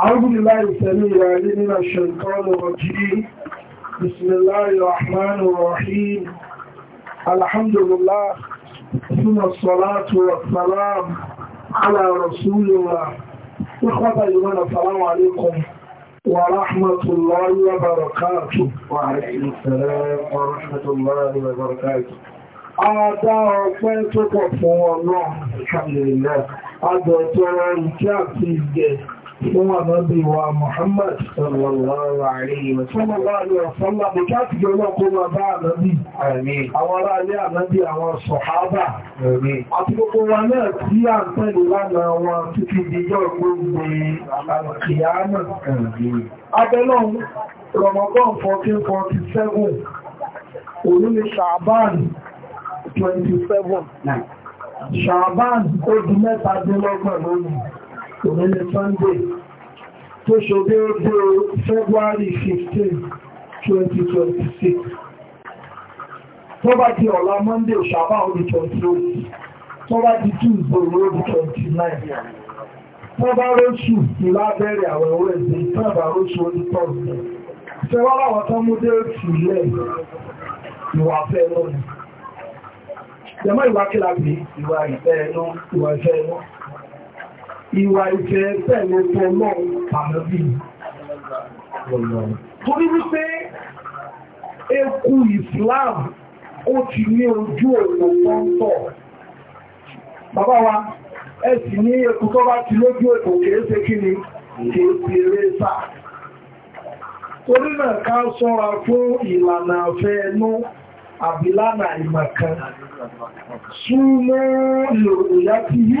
أعوذ بالله من الشيطان الرجيم بسم الله الرحمن الرحيم الحمد لله ثم الصلاة والسلام على رسول الله إخوة إيمان السلام عليكم ورحمة الله وبركاته وعليكم السلام ورحمة الله وبركاته Adá ọpẹ́ tó pọ̀ fún ọlọ́run, ìkàlẹ̀ ilẹ̀, adọ̀tọ̀rọ̀ ìkẹ́ àti ìgẹ̀ ومضي ومحمد صلى الله عليه وسلم الله عليه وسلم بكاتب لكم أبا نبي آمين أولا لي نبي أو الصحابة آمين أتبقوا وانا تيان تلنا وتتبجوا من القيامة آمين أبلون رمضان 1447 ولي شعبان 27 شعبان قد متى دلوقتي òun ni sunday tó ṣe déédé february 15 2026 tó bá di ọ̀la monday ṣàbá òní 28 tó bá di tuesday òní 29 tó bá róṣù ìlábẹ́rẹ̀ àwọn ẹ̀wọ̀n ẹ̀dẹ̀ tó bá róṣù òní tọ́ọ̀sẹ̀ ṣe wá láwọn tó mú déètì ilẹ̀ ìwà fẹ́ lọ́nà jẹ́mọ́ ìwà ìfẹ́ ẹ̀nà ìwà ìfẹ́ ẹ̀nà ìwà ìfẹ́ pẹ̀lú tọ́lọ́ àmọ́bí. Torí wípé eku Islam ó ti ní ojú òpó pọ́ntọ̀. Bàbá wa, ẹ sì ní eku tó bá ti lójú òpó kèése kí ni kèése rẹ́sà. Torí náà ká sọ́ra fún ìlànà àfẹ́ ẹnu àbílànà ìmọ̀kan. Súnmọ́ lòrò yá ti yí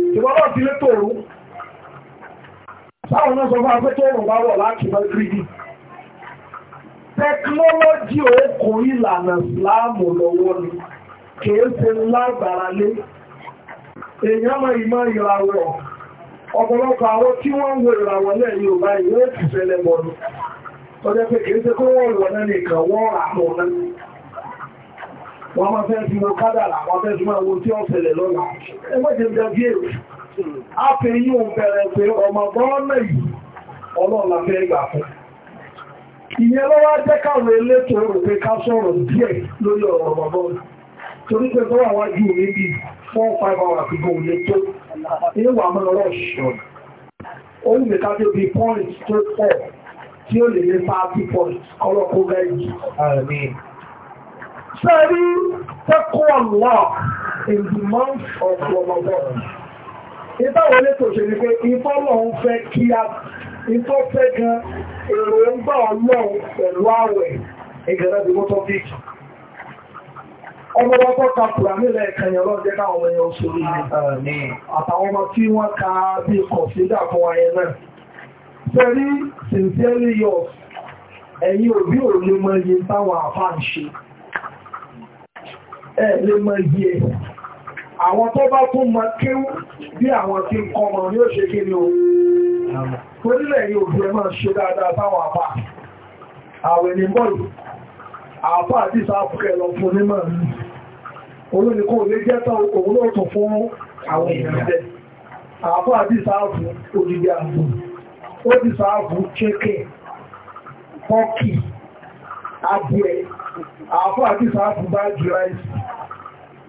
ṣùgbọ́n náà ti lé sáwọn náà sọ fún afẹ́ tó rùn bá láti mọ́ gírídì tẹkinọ́lọ́jì òkun ìlànà ìsìláàmù lọ́wọ́ ni kìí ṣe lágbára lé èèyàn mọ ìmọ̀ ìràwọ̀ ọ̀pọ̀lọpọ̀ àwọn tí wọ́n wo ìràwọ̀ náà wọ́n máa fẹ́ sí wo kádàrà wọ́n fẹ́ sí máa wo tí ó ṣẹlẹ̀ lọ́la ẹgbẹ́jẹ̀mẹ́ bí èrò a pè yí òun bẹ̀rẹ̀ pé ọmọ gọ́ọ̀nà yìí ọlọ́ọ̀lá fẹ́ gbà fún ìyẹn ló wá jẹ́ káwọn elétò rò pé ká sọ̀rọ̀ díẹ̀ lórí ọ̀rọ̀ ọmọ gọ́ọ̀nà torí pé tó wà wájú mi bí 4-5 hours ago lè tó ìwà mọ́ rọ̀ṣọ̀ ó ní kájọ́ bí point tó pọ̀ tí ó lè ní 30 point kọ́lọ́kọ́ gáìjì àmín sẹ́rí tẹ́kọ́ ọ̀lá in the month of Ramadan ìbáwọn elétò ṣe ní pé ìfọ́lọ̀ ń fẹ́ kí a ìfọ́ fẹ́ gan èrò ń bá ọlọ́run pẹ̀lú ààwẹ̀ ìgẹ̀rẹ́ bí mọ́tọ́ bí ọmọ wọn tọ́ka pùràmì lẹ́ẹ̀kan yẹn lọ́jẹ́ náà wọ́n yẹn oṣù ka bí kọ̀sídà fún ayẹ náà sẹ́rí sincerely yours ẹ̀yin òbí òní mọ́ iye táwọn ẹ lè mọ iye ẹ̀ àwọn tó bá tún mọ kéwú bí àwọn tí ń kọmọ ní ó ṣe kí ni o tó nílẹ̀ yìí òbí ẹ máa ṣe dáadáa táwọn àpá àwẹ̀ ní bọ́ọ̀lù àpá àti ìsáàpùkẹ́ lọ fún onímọ̀ ní olóníkó lè jẹ́ àwọn àti ìsáàpù bá jù ráìsì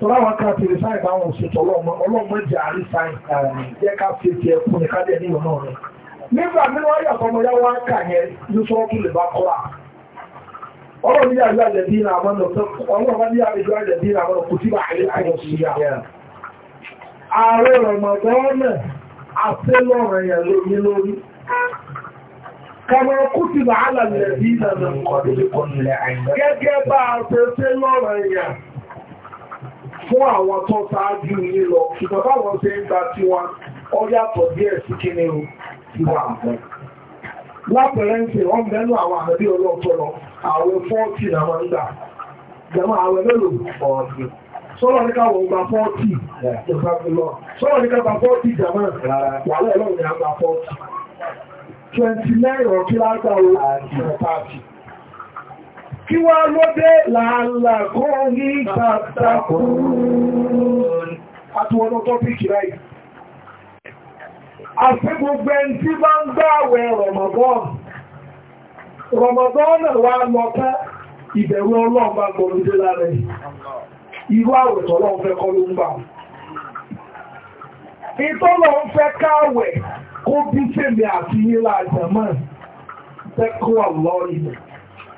tọ́lá wọn ká tèrè sáì bá wọn ṣètò ọlọ́mọ ọlọ́mọ jẹ́ àrí sáì um, jẹ́ ká fi ti ẹkún ní kájẹ́ ní ìrọ̀nà rẹ̀ nígbà nínú ayé àtọmọ yá wá ń kà yẹn ní lè bá kọ́ à ọlọ́run náà ọlọ́run ní náà kò tí bá sí ààrẹ àtẹ́lọ́rọ̀ yẹn kama náà fún àwọn tó ṣáájú yìí lọ ṣùgbọ́n báwọn ṣe ń gba tí wọn ọ yàtọ̀ díẹ̀ sí kí ni o ti wà mọ́ lápẹ̀rẹ́ ń ṣe wọ́n mẹ́nu àwọn àrẹ́bí ọlọ́pọ̀lọ́ àwẹ̀ fọ́ọ̀tì náà máa ń gbà jẹ́mọ́ àwẹ̀ mélòó ọ̀ọ̀dún sọ́lọ́ ní káwọ̀ gba fọ́ọ̀tì ìjọba sọ́lọ́ ní káwọ̀ fọ́ọ̀tì jẹ́mọ́ wà lẹ́ẹ̀lọ́rùn ní àgbà fọ́ọ̀tì 29 kí wá ló dé làálàkó ní tàtàkùn àtúwọ́nà tọ́pìkì ráì àti gbogbo ẹni tí bá ń gbáwẹ̀ Ramadan Ramadan náà wá lọ́tá ìbẹ̀rù Ọlọ́run bá gbọ́lódé lára irú àwẹ̀tọ̀ Ọlọ́run fẹ́ kọ́ ló ń bà ìtọ́lọ̀ ń fẹ́ káwẹ̀ kó bí tèmi àti yílá àjàmọ́ tẹ́kọ̀ọ́ lọ́rìnà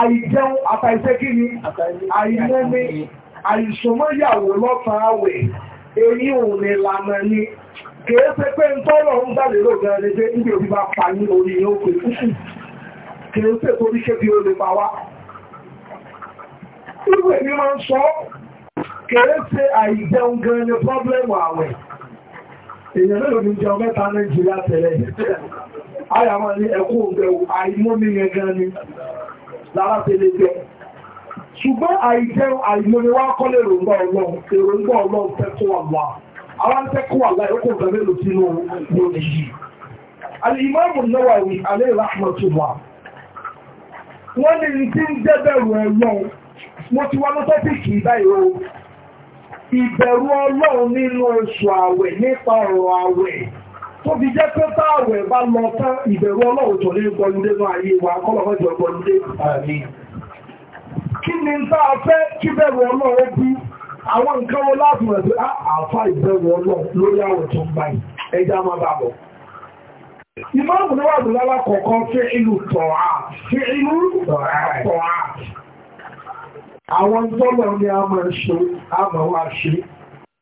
àìjẹun àtàìṣẹ́ kí ni àìmọ́mí àìṣòmọ́yàwó lọ́tàn àwẹ̀ èyí òun ni lànà ni kìí ṣe pé ń tọ́lọ̀ ń gbàlérò gan-an ni pé níbi òbí bá pa ní orí yóò pé kìí ṣe torí ṣe bí ó lè pa wá ìwé mi máa ń sọ kìí ṣe àìjẹun gan-an ni pọ́blẹ́mù àwẹ̀ èèyàn lè lòdì jẹun mẹ́ta Nàìjíríà tẹ̀lẹ̀ àyàmọ́ ní ẹkùn òǹgbẹ̀wò àìmọ́mí yẹn gan-an ni lára tẹ́lẹ̀ jẹ́ ṣùgbọ́n àìjẹ́ àìlóníwá kọ́lé èròǹgbà ọlọ́run èròǹgbà ọlọ́run tẹ́kọ̀ àwà àwọn tẹ́kọ̀ àwà ìrókò ìgbàmẹ́ lò sínú lónìí yìí alìmọ́mù Nawawi alẹ́ ìrahmatuwa wọ́n ní tí ń dẹ́bẹ̀rù ọlọ́run mo ti wá lọ́tọ́ bí kì í báyìí o ìbẹ̀rù ọlọ́run nínú oṣù àwẹ̀ nípa ọ̀rọ̀ àwẹ̀ tó fi jẹ́ pé táàwẹ̀ bá lọ tán ìbẹ̀rù ọlọ́run tó ní gbọ́ndé náà ayé wa kọ́lọ̀mọ́jọ gbọ́ndé kí ni tá a fẹ́ kí bẹ̀rù ọlọ́run bí àwọn nǹkan wọn láti rẹ̀ pé àfá ìbẹ̀rù ọlọ́run lórí àwẹ̀ tó ń báyìí ẹjá máa bá bọ̀ ìmáàmù ní wàdùn lálákọ̀ọ́kọ́ fẹ́ ìlú tọ̀á fẹ́ ìlú tọ̀á àwọn tọ́lọ̀ ni a máa ṣe a máa ṣe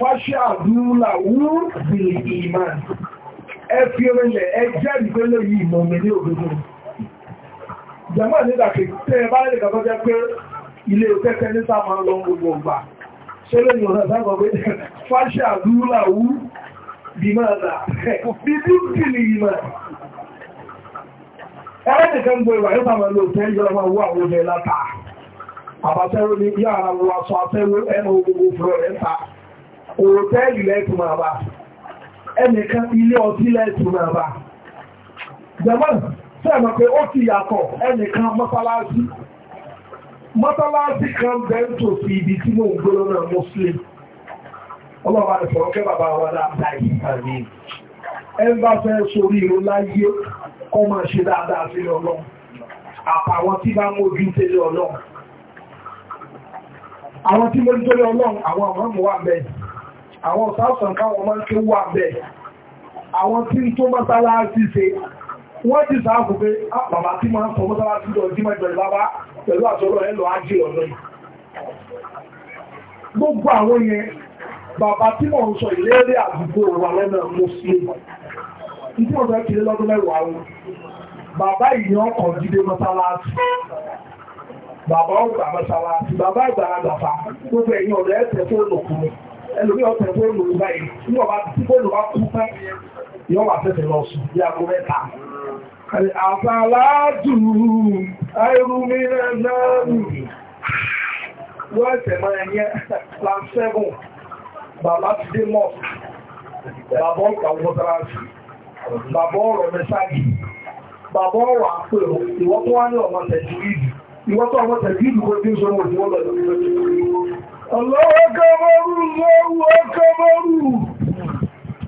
fáṣàdúlà wú bìlì ìmán ẹ fi orílẹ̀ ẹ jẹ́ ìgbélé yìí mọ̀mí ní òdodo jẹ́mọ́ nígbàkì tẹ́ ẹ bá lè kàtọ́ jẹ́ pé ilé òkẹ́kẹ́ ní sáàmà lọ gbogbo ọgbà ṣẹlẹ̀ ní ọ̀nà sáàmà pé fáṣàdúlà wú bìmáàdà bìbí bìlì ìmán ẹ̀rẹ́nìkan gbọ́ ìwà yóò sáàmà lò tẹ́ ìjọba wú àwọn ọmọ ẹ̀ látà àbàtẹ́rò ní yára wọ aṣọ àtẹ́rò ẹnu gbogbo òtẹ́ẹ̀lì lẹ́tù máa bá ẹnìkan ilé ọtí lẹ́tù máa bá jẹ́mọ́n sẹ́mọ̀ pé ó ti yàtọ̀ ẹnìkan mọ́sálásí mọ́sálásí kan bẹ́ntò sí ibi tí mo ń gbọ́lọ́ náà muslim ọlọ́ba rẹ̀ sọ̀rọ̀ kẹ́ bàbá wa dáadáa yìí ẹnbá fẹ́ sórí ìró láyé kọ́ máa ṣe dáadáa sí ọlọ́run àpàwọn tí bá mójú tẹ́lẹ̀ ọlọ́run àwọn tí mójú tẹ́lẹ̀ ọlọ́run àwọn àmọ́ wà bẹ́ẹ̀ àwọn sáàsàn káwọn máa ń ké wà bẹ́ẹ̀ àwọn tí tó mọ́sálásí ṣe wọ́n ti sáàkù pé ah, bàbá tí máa ń sọ mọ́sálásí lọ sí mẹ́jọ ìbábá pẹ̀lú àtọ́rọ̀ ẹ̀lọ ajé ọ̀nà gbogbo àwọn yẹn bàbá tí mọ̀ ń sọ ìlérí àdúgbò wà lọ́nà muslim tí wọ́n fẹ́ kiri lọ́dún mẹ́wàá wọn bàbá ìyàn kan jíde mọ́sálásí bàbá ọgbà mọ́sálásí bàbá ìgbàlagbàfà gbogbo ẹ̀yìn ọ̀rẹ́ ẹ̀tẹ̀ tó lòkùnrin ẹlòmí ọ̀tẹ̀ fóònù báyìí tí wọ́n bá tí fóònù bá kú fẹ́ yọ́ wà fẹ́fẹ́ lọ sùn bí aago mẹ́ta àfàlájù àìrùmínà náà wọ́n ẹ̀sẹ̀ máa ẹ̀yẹ plan 7 bàbá ti dé mọ́ bàbá ọ̀pàá wọ́tàrájì bàbá ọ̀rọ̀ mẹ́sàgì bàbá ọ̀rọ̀ àpẹẹrọ ìwọ́tọ́ wá ní ọmọ tẹ̀jú ìdù الله أكبر الله أكبر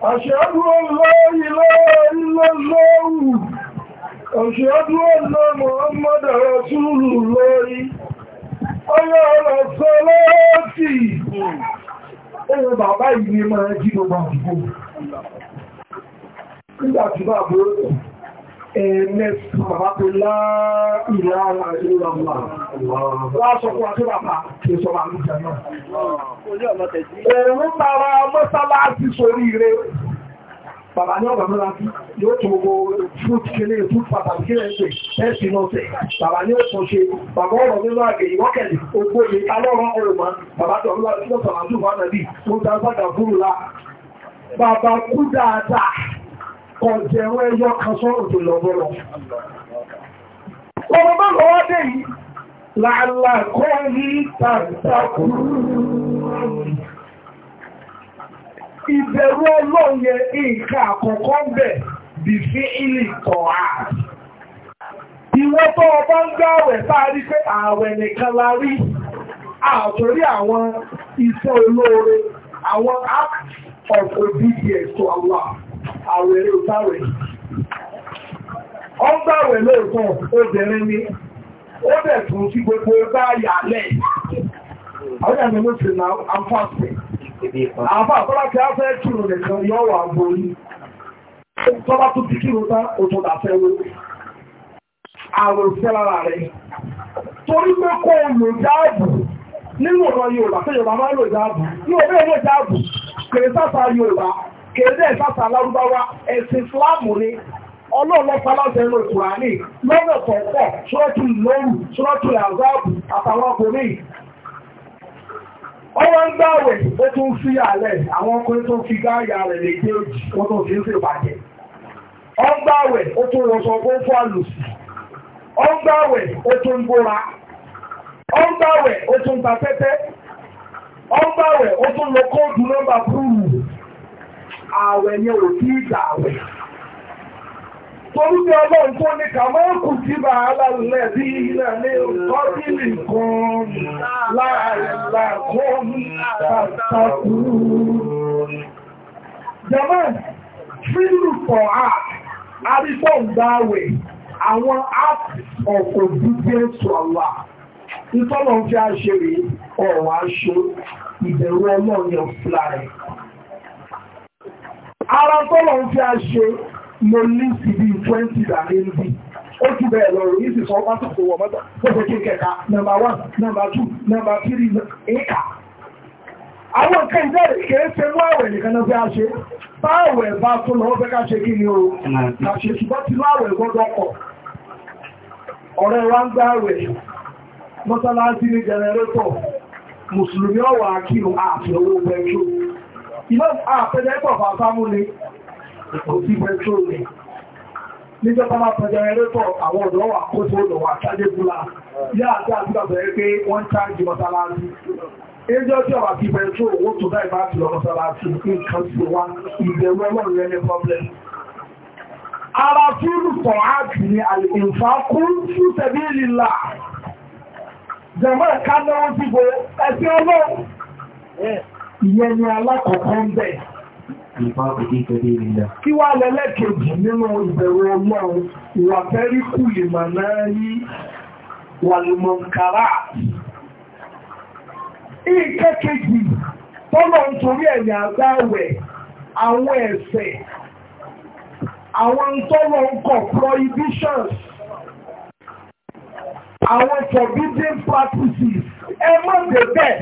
أشهد أن لا إله إلا الله أشهد أن محمد رسول الله أيها على الصلاة Ẹ̀rọ bàbá ìgbìmọ̀ ẹjí gbogbo àdúgbò. Nígbà tí bàbá ó rẹ̀. Ẹ̀mẹ́sàn àbápò láàrín àìlú àmà. Wọ́n á sọ fún àti bàbá kí sọ bàbá jẹ náà. Òun tàrà mọ́sálá ti sórí ire. Bàbá ní ọ̀gbà mọ́lá tí yóò tó gbogbo fruit kílé fruit pàtàkì kílé ṣe ẹ̀sìn lọ́sẹ̀. Bàbá ní ó tún ṣe, bàbá ọ̀rọ̀ nínú àgbè ìwọ́kẹ̀lẹ̀ ogbó ìtalọ́rọ̀ ọ̀rọ̀ mọ́. Bàbá tọ̀rọ̀ lọ́sọ̀rọ̀ àdúgbò ànàbì, ó dá sádà fúrù lá. Bàbá kú dáadáa ọ̀jẹ̀rún ẹyọ kan sọ́rọ̀ tó lọ bọ́lọ̀. ọmọ bá lọ wádé yìí láàlàkọ́ yìí tàbí ìbẹ̀rù ọlọ́yẹ ìkà àkọ́kọ́ bẹ̀ ìwọ́n tó ọba ń gbá àwẹ̀ sáárí pé àwẹ̀ nìkan la àtòrí àwọn iṣẹ́ olóore àwọn act of obedience to Allah àwẹ̀rẹ̀ òtàwẹ̀ ọgbàwẹ̀ lóòtọ́ obìnrin ni ó bẹ̀ tún sí gbogbo bá yà lẹ̀ àwọn ìyàmì ló ti na àǹfààfẹ́ àbá àkọ́lákẹ́ afẹ́ kírò nìkan yọ́ wà borí tọ́bá tó ti kírò tá òtọ́dà fẹ́ wó àrò ìfẹ́lára rẹ̀ torí pé kó lò dáàbò nínú ọ̀rọ̀ Yorùbá tó Yorùbá máa lò dáàbò Yorùbá lò dáàbò kèrè sáfà Yorùbá kéde ìsásà lárúbáwá ẹ̀sìn Islam ni ọlọ́ọ̀lọ́pàá láti ẹnu ìkùránì lọ́nà pọ̀pọ̀ ṣọ́ọ̀tù lóru ṣọ́ọ̀tù àzáàbù àtàwọn ọkùnrin ọwọ́ ń gbá àwẹ̀ ó tún fi àlẹ̀ àwọn ọkùnrin tó fi gáàyà rẹ̀ lè dé wọn tó fi ń fi bàjẹ́ ọ ń gbá àwẹ̀ ó tún wọṣọ fún fún àlùsì ọ ó tún gbóra ọ ó tún ta tẹ́tẹ́ ó tún lọ kóòdù nọ́mbà púrù ààwẹ̀ yẹn ò kí ìgbà ààwẹ̀ torúkọ ọlọ́run tó ní kàmọ́ọ̀kù tí bá aláwọ̀lẹ́ bí ilẹ̀ ní ọdílì kan láàrínláàkún pàtàkù jẹ́mọ́ fílù for art arítọ́ ìdáwẹ̀ àwọn art of obedience to Allah ìtọ́lọ̀ fi a ṣe rí ọ̀rọ̀ aṣọ ìbẹ̀rù ọlọ́run yẹn fúlàrẹ̀ ara tọ́lọ̀ ń fi a ṣe mo ní sí bí 20 dà ní ibi ó ti bẹ̀rẹ̀ lọ́rọ̀ yìí sì sọ pásítọ̀ tó wọ̀ mọ́tò ó fẹ́ kí kẹ̀kà nọmba 1 nọmba 2 nọmba 3 ẹ̀ka àwọn nǹkan ìbẹ̀rẹ̀ kìí ṣe mú àwẹ̀ nìkan náà fi a ṣe báwẹ̀ bá tó lọ́wọ́ fẹ́ ká ṣe kí ni o kà ṣùgbọ́n ti láwẹ̀ gbọ́dọ̀ pọ̀ ọ̀rẹ́ wa ń gbá àwẹ̀ mọ́sálásí ní jẹnẹrétọ̀ mùsùlùmí ọ̀wà akíru owó Imam àpẹẹrẹ ah, pọ̀ fà fámúlé, kò sí pẹ̀tró rẹ̀. Níjọ́ bá máa pẹ̀jẹ̀ rẹ̀ pọ̀ àwọn ọ̀dọ́ wà kó tó lọ wà ṣájé búlá. Yá àti àtúgbàbẹ̀ rẹ̀ pé wọ́n ṣáàjì mọ́sálásí. Ẹjọ́ tí ọ̀wà kí pẹ̀tró owó tó dá ìbá ti lọ mọ́sálásí nǹkan sí wá ìbẹ̀rù ọlọ́run rẹ̀ ní problem. Ara fúrù tọ̀ áàtì ni àlèkùnfà kún fún tẹ̀bí lílà. Jẹ̀mọ́ ẹ̀ká náwó síbo ẹ̀sìn ọlọ́run ìyẹn ni alákọ̀ọ́kọ́ ń bẹ̀. Kí wá lẹ́lẹ́kejì nínú ìbẹ̀rù Ọlọ́run, ìwà fẹ́rí kù ìmọ̀ náà yí wà lùmọ̀ kàrà. Ìkẹ́kejì tọ́lọ̀ ń torí ẹ̀yà àgbáwẹ̀ àwọn ẹ̀ṣẹ̀, àwọn tọ́lọ̀ ń kọ̀ prohibitions, àwọn forbidden practices, ẹ má dé bẹ́ẹ̀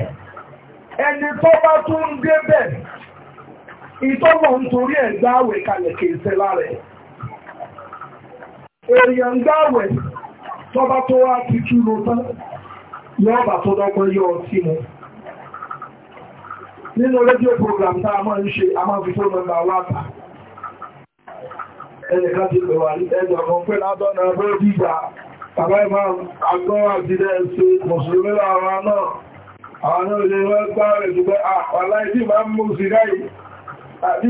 ẹni tó bá tún ń débẹ̀ ìtọ́mọ̀ ń torí ẹ̀ gbáwẹ̀ kalẹ̀ kìí ṣe lára ẹ̀ èèyàn gbáwẹ̀ tó bá tó wá ti tú lọ tán yọ́ bà tó dọ́gbọ́n yọ sí mu nínú rédíò program tá a máa ń ṣe a máa fi tó mẹ́mbà wá tà ẹnìkan ti pè wà pé ládọ́nà bó dìgbà bàbá ìmáà àgbọ́n àti ẹ̀ṣẹ̀ mùsùlùmí lára náà àwọn náà lè wọ́n gbá rẹ̀ ṣùgbẹ́ àpàlá ìdí máa mú sígáyì àti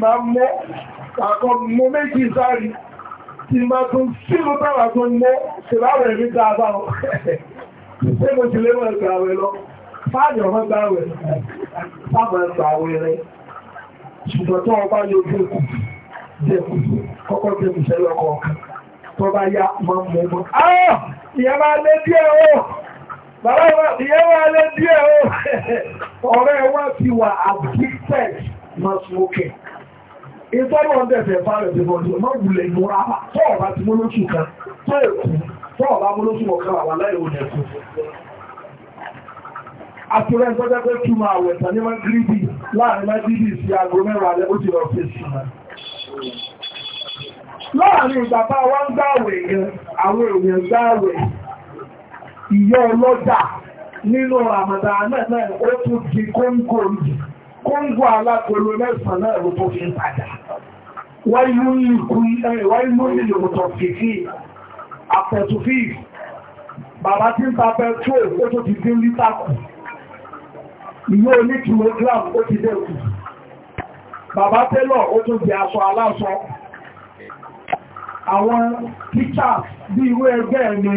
máa mú àkọ́ mú méjì sáàrí tí máa tún sílù tàwà tó mú ṣìláwẹ̀ rí dáadáa ṣe mo ti léwọ̀ ìgbàwẹ̀ lọ fáàdì ọmọ gbàwẹ̀ fáàmà gbàwẹ̀ rẹ̀ ṣùgbọ́n tó ọba yóò fún kù jẹ́kù kọ́kọ́ jẹ́ Bàbá ìyẹ́ wà lé díẹ̀ o, ọ̀rẹ́ wá ti addicted ma smoking. Ìtọ́lù ọ̀dẹ̀fẹ̀ fàárẹ̀ ti bọ̀ jùlọ, máa wùlẹ̀ ìmúra wà tó ọ̀rá ti mọ́lóṣù kan tó èkú, tó ọ̀rá mọ́lóṣù ọ̀kan wà láì òun ẹ̀kú. Àtúrẹ́ ìtọ́jẹ́ pé kí máa wẹ̀tà ní máa gírídì láàrin máa gírídì sí aago mẹ́rin alẹ́ ó ti lọ fẹ́ sí máa láàrin ìgbàbá wá ń gbáwẹ̀ gan àwọn èèyàn gbáwẹ̀ ìyá ọlọ́jà nínú àmàdà náà ó tún di kóńgò ìjì kóńgò alákòóló mẹ́sàn-án náà ló tó fi ń padà wáyé ló ní ìlòmùtọ̀ fìfì àpẹ̀tùfì bàbá tí ń ta pẹ̀tró ó tó ti dín lítà kù ìyá tẹ́lọ̀ ó tó di aṣọ aláṣọ àwọn teachers bí ìwé ẹgbẹ́ ni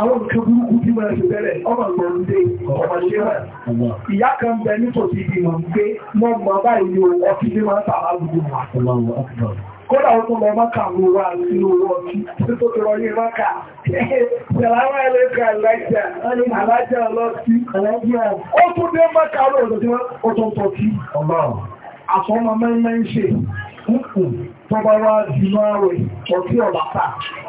àwọn nǹkan burúkú tí mọ́ ẹ̀ṣẹ̀ bẹ̀rẹ̀ ọmọ ìgbọ̀rúndé ọmọ ṣẹ́wà ìyá kan bẹ nítòsí ìgbìmọ̀ pé mọ́ mọ́ báyìí ni ọtí ní máa ń tà lálùgbò kódà ó tún lọ máka mú wa sínú owó ọtí tí tó tọrọ ní máka ṣẹ̀láwà ẹlẹ́kà alájà alájà ọlọ́tí ó tún dé máka lóòrùn tí wọ́n ó tún tọ́tí àfọ́mọ́ mẹ́rin mẹ́rin ṣe púpù tó bá wá jùlọ àwẹ̀ ọ̀tí ọ̀bàtà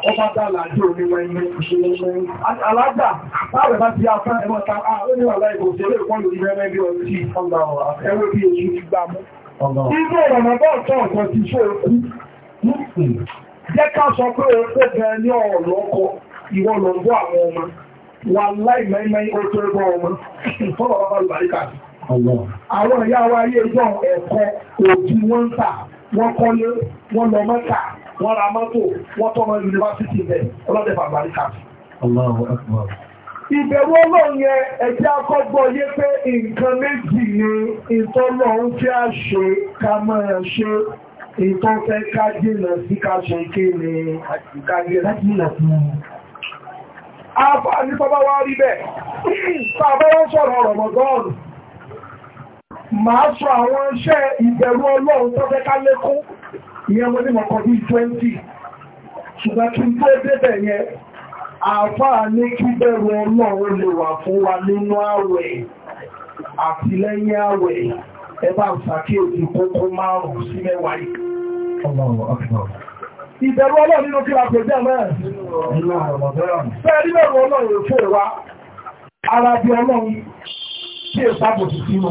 ọba dàlà jẹ́ oníwẹ̀ alágbà láàrẹ̀ bá ti afẹ́ ẹmọ́ta ààrẹ́wà láìbò sí ẹlẹ́ ìpọ́lù ìrẹ́rẹ́ bí ọtí ẹwẹ́ bí èṣù ti gbá mú inú ọ̀nà bá ọ̀tọ́ ọ̀tọ́ ti ṣó okú jẹ́ ká sọ pé ó bẹ ní ọ̀lọ́kọ ìwọ lọ́gbọ́ àwọn ọmọ wà láìmẹ́mẹ́ ó tó ẹgbọ́ ọmọ fọ́lọ̀ bàbá lùbáríkà àwọn ìyá wa ayé ẹjọ́ ẹ̀kọ́ òbí wọ́n ń tà wọ́n kọ́lé wọ́n lọ mọ́ta wọ́n ra mọ́tò wọ́n tọ́mọ yunifásitì bẹ̀ ọlọ́dẹ̀ bàbáríkà ìbẹ̀rù ọlọ́run yẹn akọ́gbọ́ yé pé nǹkan méjì ni ìtọ́lọ̀ ń fẹ́ àṣe ká máa ṣe ìtọ́fẹ́ ká sí ká ké ni àtìkáyé láti ìlà àfáà ní sọ́bá wá rí bẹ́ẹ̀ máa sọ àwọn iṣẹ́ ìbẹ̀rù ọlọ́run tó fẹ́ ká lékún ìyẹn mo ní mọ̀kàn bí 20 ṣùgbọ́n kí n tó débẹ̀ yẹn àáfàá ní kí bẹ̀rù ọlọ́run lè wà fún wa nínú àwẹ̀ àti lẹ́yìn àwẹ̀ ẹ bá ń ṣàkíyèsí kókó márùn-ún sí mẹ́wàá yìí ìbẹ̀rù ọlọ́run nínú kí la pèjẹ́ mẹ́rin fẹ́ẹ̀rí bẹ̀rù ọlọ́run fún wa ara bí ọlọ́run kí èsàbòsí sínú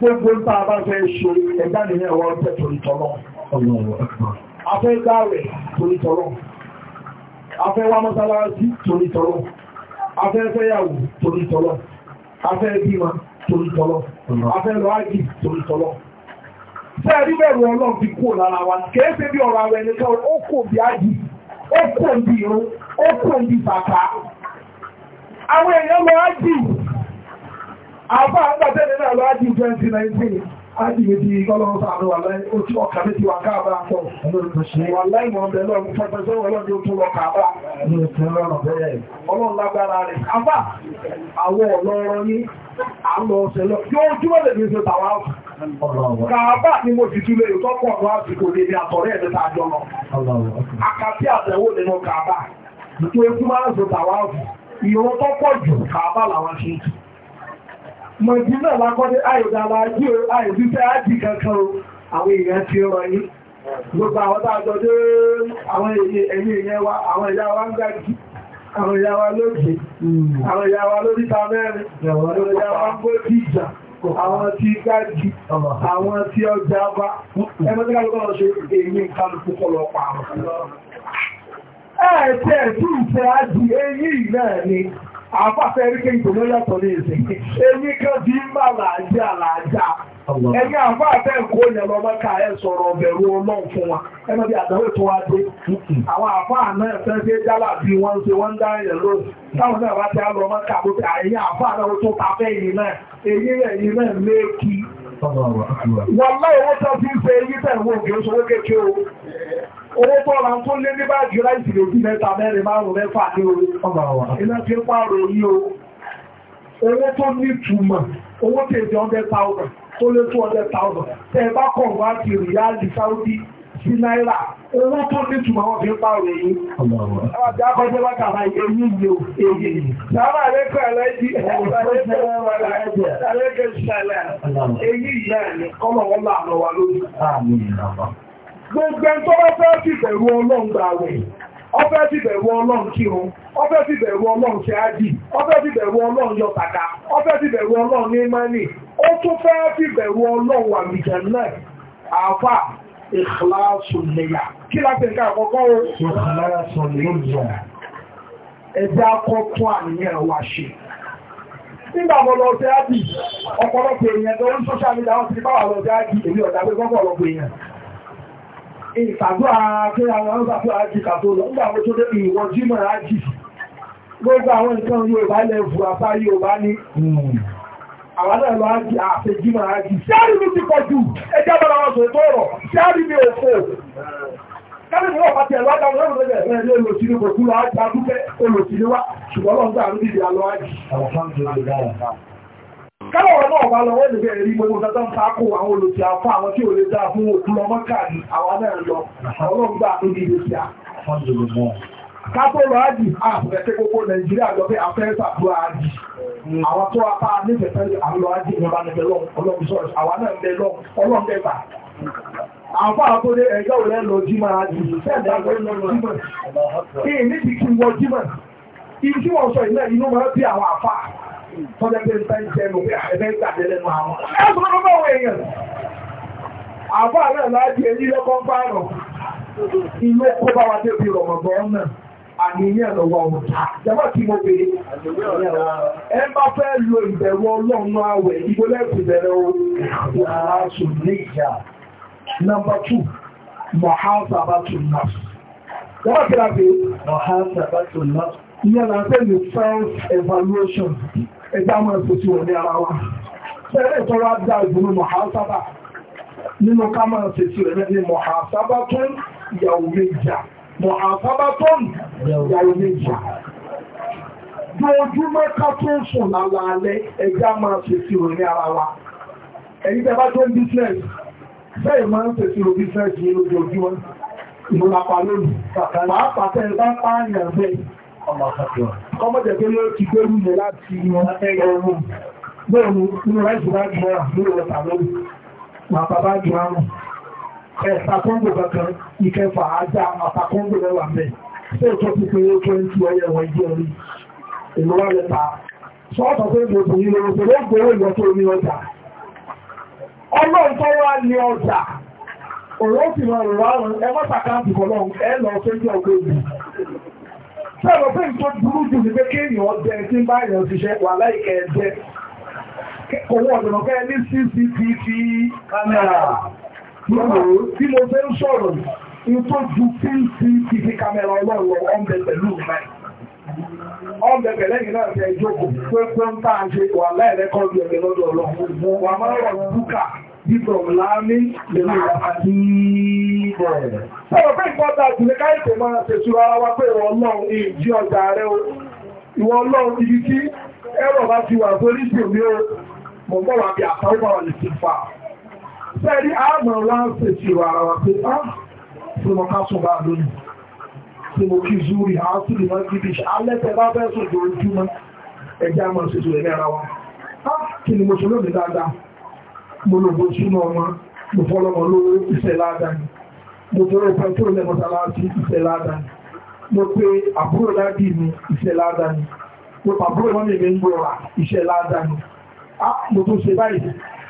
gbogbo tá a bá fẹ́ ẹgbà ẹ̀dá nínú ẹ̀wọ́ ọ̀tẹ́ afẹ afẹ́ gbáwẹ̀ afẹ afẹ́ wá mọ́sálásí torítọ́lọ́ afẹ́ fẹ́yàwó afẹ bímọ torítọ́lọ́ afẹ́ lọ ágì torítọ́lọ́ sẹ́ẹ̀rí bẹ̀rù ọlọ́run fi kó lára wa kèése bí ọ̀rọ̀ àwọn ẹni kan ó bí ó bí irun ó bí bàtà àwọn èèyàn lọ àbá àgbàtẹ́lẹ̀ náà lọ ájì 2019 ájì mi ti gọ́lọ́wọ́ sàánú wà láì ó tí ọkà mi ti wà káàbá pọ̀ wà láì mọ̀ ọ̀bẹ̀ lọ́rùn fún pẹ̀sẹ̀ ọlọ́dún tó lọ káàbá ọlọ́run lágbára rẹ̀ àbá àwọ̀ ọlọ́rọ̀ ní àlọ́ ọ̀sẹ̀ lọ yóò jú ọ̀lẹ̀ mi ṣe tàwa káàbá ni mo ti túlé ìtọ́pọ̀ ọ̀rọ̀ àsìkò lè ní àtọ̀rẹ́ ẹ̀mí ta jọ lọ àkàtí àtẹ̀wò nínú káàbá nítorí tí máa ń ṣe tàwa ìrún tọ́pọ̀ jù káàbá làwọn ṣe tù mọ̀dínà lákọ́dé àìdàlá jí o àìdíṣẹ́ ájì kankan o àwọn èèyàn ti rọ yí gbogbo àwọn tààjọ dé àwọn ẹ̀yìn èèyàn wa àwọn ìyá wa ń gájì àwọn ìyá wa lókè àwọn ìyá wa lóríta mẹ́rin àwọn ìyá wa ń gbé ìjà àwọn ti gájì àwọn ti ọjà bá pa àwọn ẹ̀ẹ́tẹ̀ẹ̀ tí ìṣẹ́ ájì èyí náà ni àfáfẹ́ eríkẹ́ ìtòló yàtọ̀ ní ìsìn èyí kan bí mà làájá làájá ẹni àfáfẹ́ ǹkó yẹn lọ mẹ́ka ẹ sọ̀rọ̀ ọ̀bẹ̀rù ọlọ́run fún wa ẹni bí àdáwò tó wá dé àwọn àfáà náà fẹ́ ṣe jálà bí wọ́n ṣe wọ́n dá yẹn ló táwọn náà bá ti á lọ mẹ́ka bó ti àyè náà tó ta yìí náà èyí rẹ̀ yìí náà léèkì Wàlá owó tó fi ń fẹ́ yí tẹ̀wọ́ òkè oṣòwò kéèké o. Owó tó ra tó lé ní báàgì láìsì lè bí mẹ́ta mẹ́rin márùn-ún mẹ́fà ní orí. Iná ti ń pààrọ̀ yí o. Owó tó ní ìtumọ̀, owó tèjì 100,000 tó lé 200,000. Tẹ̀ bá kọ̀ wá ti rí yá lì Sáúdí sí náírà owó tó ní túnmọ̀ wọn fi ń pààrọ̀ èyí ọjà akọjọ́ látara èyí yìí o èyí sábà lẹ́kọ̀ọ́ ẹlẹ́jì ẹlẹ́kọ̀ọ́ ṣẹlẹ̀ èyí yìí ni kọ́mọ̀ wọn là lọ wa lórí. gbogbo ẹni tó bá fẹ́ ti bẹ̀rù ọlọ́run gbà wẹ̀ ọfẹ́ ti bẹ̀rù ọlọ́run kírun ọfẹ́ ti bẹ̀rù ọlọ́run ṣe ájì ọfẹ́ ti bẹ̀rù ọlọ́run yọ kàkà ọfẹ́ ti bẹ̀rù ọlọ́run ní mánì ó tún fẹ́ ti bẹ̀rù ọlọ́run àmìjẹ̀ náà àáfà ìkìláàsùn lẹ́yà kí láti nǹkan àkọ́kọ́ o ìkìláàsùn lẹ́yà ẹ̀dá akọ́kọ́ àníyàn wa ṣe nígbà bọ̀lọ̀ ọ̀tẹ́ ábì ọ̀pọ̀lọpọ̀ èèyàn tó ń sọ́ṣà mídà wọ́n ti bá wà lọ́jọ́ ábì èmi ọ̀dà pé gbọ́pọ̀lọpọ̀ èèyàn ìtàdúrà kí àwọn ọ̀sàfẹ́ ájì kàtó lọ nígbà wọ́n tó dé ìwọ̀n jímọ̀ ájì gbogbo àwọn nǹkan Yorùbá lẹ́fù apá Yorùbá ní àwọn náà lọ ájì àfẹ́jímọ̀ ájì sẹ́rì mi ti pọ̀jù ẹjẹ́ bọ́ra wọn sọ ètò ọ̀rọ̀ sẹ́rì mi òfò sẹ́rì mi wọ́n pàtẹ́ ẹ̀lọ́ àdáwọn lọ́rùn lẹ́gbẹ̀ẹ́ rẹ̀ ní olùsílẹ̀ kòkú lọ ájì adúgbẹ́ olùsílẹ̀ wa ṣùgbọ́n lọ́n gbà níbi ìdí alọ́ ájì. kálọ̀ wọn náà bá lọ wọ́n níbẹ̀ rí gbogbo dandan sáàkó àwọn olùsí afọ àwọn tí ò lè dáa fún òkú lọmọ káàdì àwọn náà lọ àwọn náà gbà níbi ìdí ká tó lọ ájì àfẹ́fẹ́ gbogbo nàìjíríà lọ pé afẹ́ sàdúrà ájì àwọn tó apá nífẹ̀ẹ́ tẹ́lẹ̀ àwọn lọ́wọ́ ajé ìjọba nífẹ̀ẹ́ lọ́wọ́ ọlọ́run sọ́ọ̀sì àwọn náà ń bẹ lọ́wọ́ ọlọ́run bẹ bà àwọn àkóde ẹ̀jọ́ rẹ̀ lọ jímọ̀ àti ìṣẹ́ẹ̀dá rẹ̀ lọ jímọ̀ kí níbi kí wọ jímọ̀ ibi tí wọ́n sọ ilẹ̀ inú máa bí àwọn àfà tọ́jẹ́ pé ń tẹ́ ń tẹ́ nù pé àbẹ́ ìgbàdé lẹ́nu àwọn ẹ̀sùn ló bọ̀ wọ̀ èèyàn àfà náà láti ẹ̀yí lọ́kọ́ pààrọ̀ ìlú ẹ̀kọ́ bá wa débi rọ̀mọ̀gbọ́n náà àníyàn lọ́wọ́ ọmọ jẹ́mọ́ tí mo bèèrè ẹ bá fẹ́ lo ìbẹ̀rù ọlọ́run àwẹ̀ ìgbó lẹ́kùn bẹ̀rẹ̀ oṣù self evaluation ẹgbàmọ̀ ìpòsí wọ̀ ní ara wa fẹ́rẹ̀ ìtọ́rọ àdá ìgbónú mọ̀hánsàbá nínú ká máa ṣètì rẹ̀ ní mọ̀hánsàbátù yàwó méjà mọ̀ àfábátọ́nù ìyàwó méjì lójúmọ́ ká tó sùn lára alẹ́ ẹgbẹ́ máa fèsì rò ní ara wa ẹ̀yí tẹ́ bá tó ń business bẹ́ẹ̀ máa ń fèsì rò business ní lójoojúmọ́ ìmúlapa lónìí pàápàá tẹ́ bá pààyàn bẹ́ẹ̀ kọ́mọ̀jẹ̀ pé ló ti gbé rúmẹ̀ láti ẹgbẹ̀rún bẹ́ẹ̀ mú inú láìsí bá jù mọ́ra lórí ọ̀tà ẹ̀sà kóńgò kankan ìkẹfà ajá àpá kóńgò lẹ́wà mẹ́ ṣé ètò ti pé ó tó ń tu ọyẹ wọn jẹ́ orí èlò wà lẹ́ta sọ́ọ̀tọ̀ pé gbogbo yìí lórí pé ó gbowó ìwọ tó ní ọjà ọlọ́run tó wá ní ọjà òun sì máa rọ̀ wárùn ẹ mọ́ta káàpì kọlọ́run ẹ lọ sójú ọgbẹ́ ìlú sọ̀rọ̀ pé nǹkan burú jù ní pé kéèyàn ọjẹ́ tí ń bá èèyàn ṣiṣẹ́ wà láìkẹ́ ẹ̀jẹ̀ kòwọ́ ọ̀dọ̀nà kẹ́ ní cctv kámẹ́rà tí mo fẹ́ ń sọ̀rọ̀ tó ju tí ń ti ti fi kamẹ́rà ọlọ́rọ̀ ọmọdé pẹ̀lú ìmáì ọmọdé pẹ̀lẹ́ yìí náà fẹ́ jókòó pé pé ń tàà ṣe wà láìrẹ́kọ́ọ̀dù ẹ̀rẹ́ lọ́dọ̀ ọlọ́run wà máa rọ̀ búkà bíbọ̀ láàmì lèmi àti ìbọ̀ rẹ̀. sọ̀rọ̀ pé ìpọ́ta ìdílé káyìkò máa tẹ̀sù ara wa pé ìwọ ọlọ́run ìjì ọjà rẹ̀ o ìwọ ọlọ́run ibi tí ẹ̀rọ bá ti wà sórí ìjì omi o mọ̀ mọ́ wà bí àtàwọn àwọn ìsìnfà Fẹ́rí àmọ̀ wá ń pè tí wà ara wà pé á ah, tí mo ká sùn bá lónìí. Tí mo kí zúrí àásìlì mọ́ gidi alẹ́tẹ̀ bá bẹ́ sùn jòrò júmọ́ ẹjá mọ̀ sí tó ẹ̀mẹ́ ara wa. Á ah, kí ni mo ṣe lónìí dáadáa? Mo lò bó súnmọ́ ọmọ, mo fọ́lọ́mọ lówó ìṣẹ́ ládàá ni. Mo tọrọ pẹ̀tró lẹ́mọ́ta láti ìṣẹ́ ládàá ni. Mo pe àbúrò ládì mi ìṣẹ́ ládàá ni. Mo pàbúrò mọ́ mi mi ń gbọ́ra ìṣẹ́ ládàá ni. Á ah, mo tún ṣe báyìí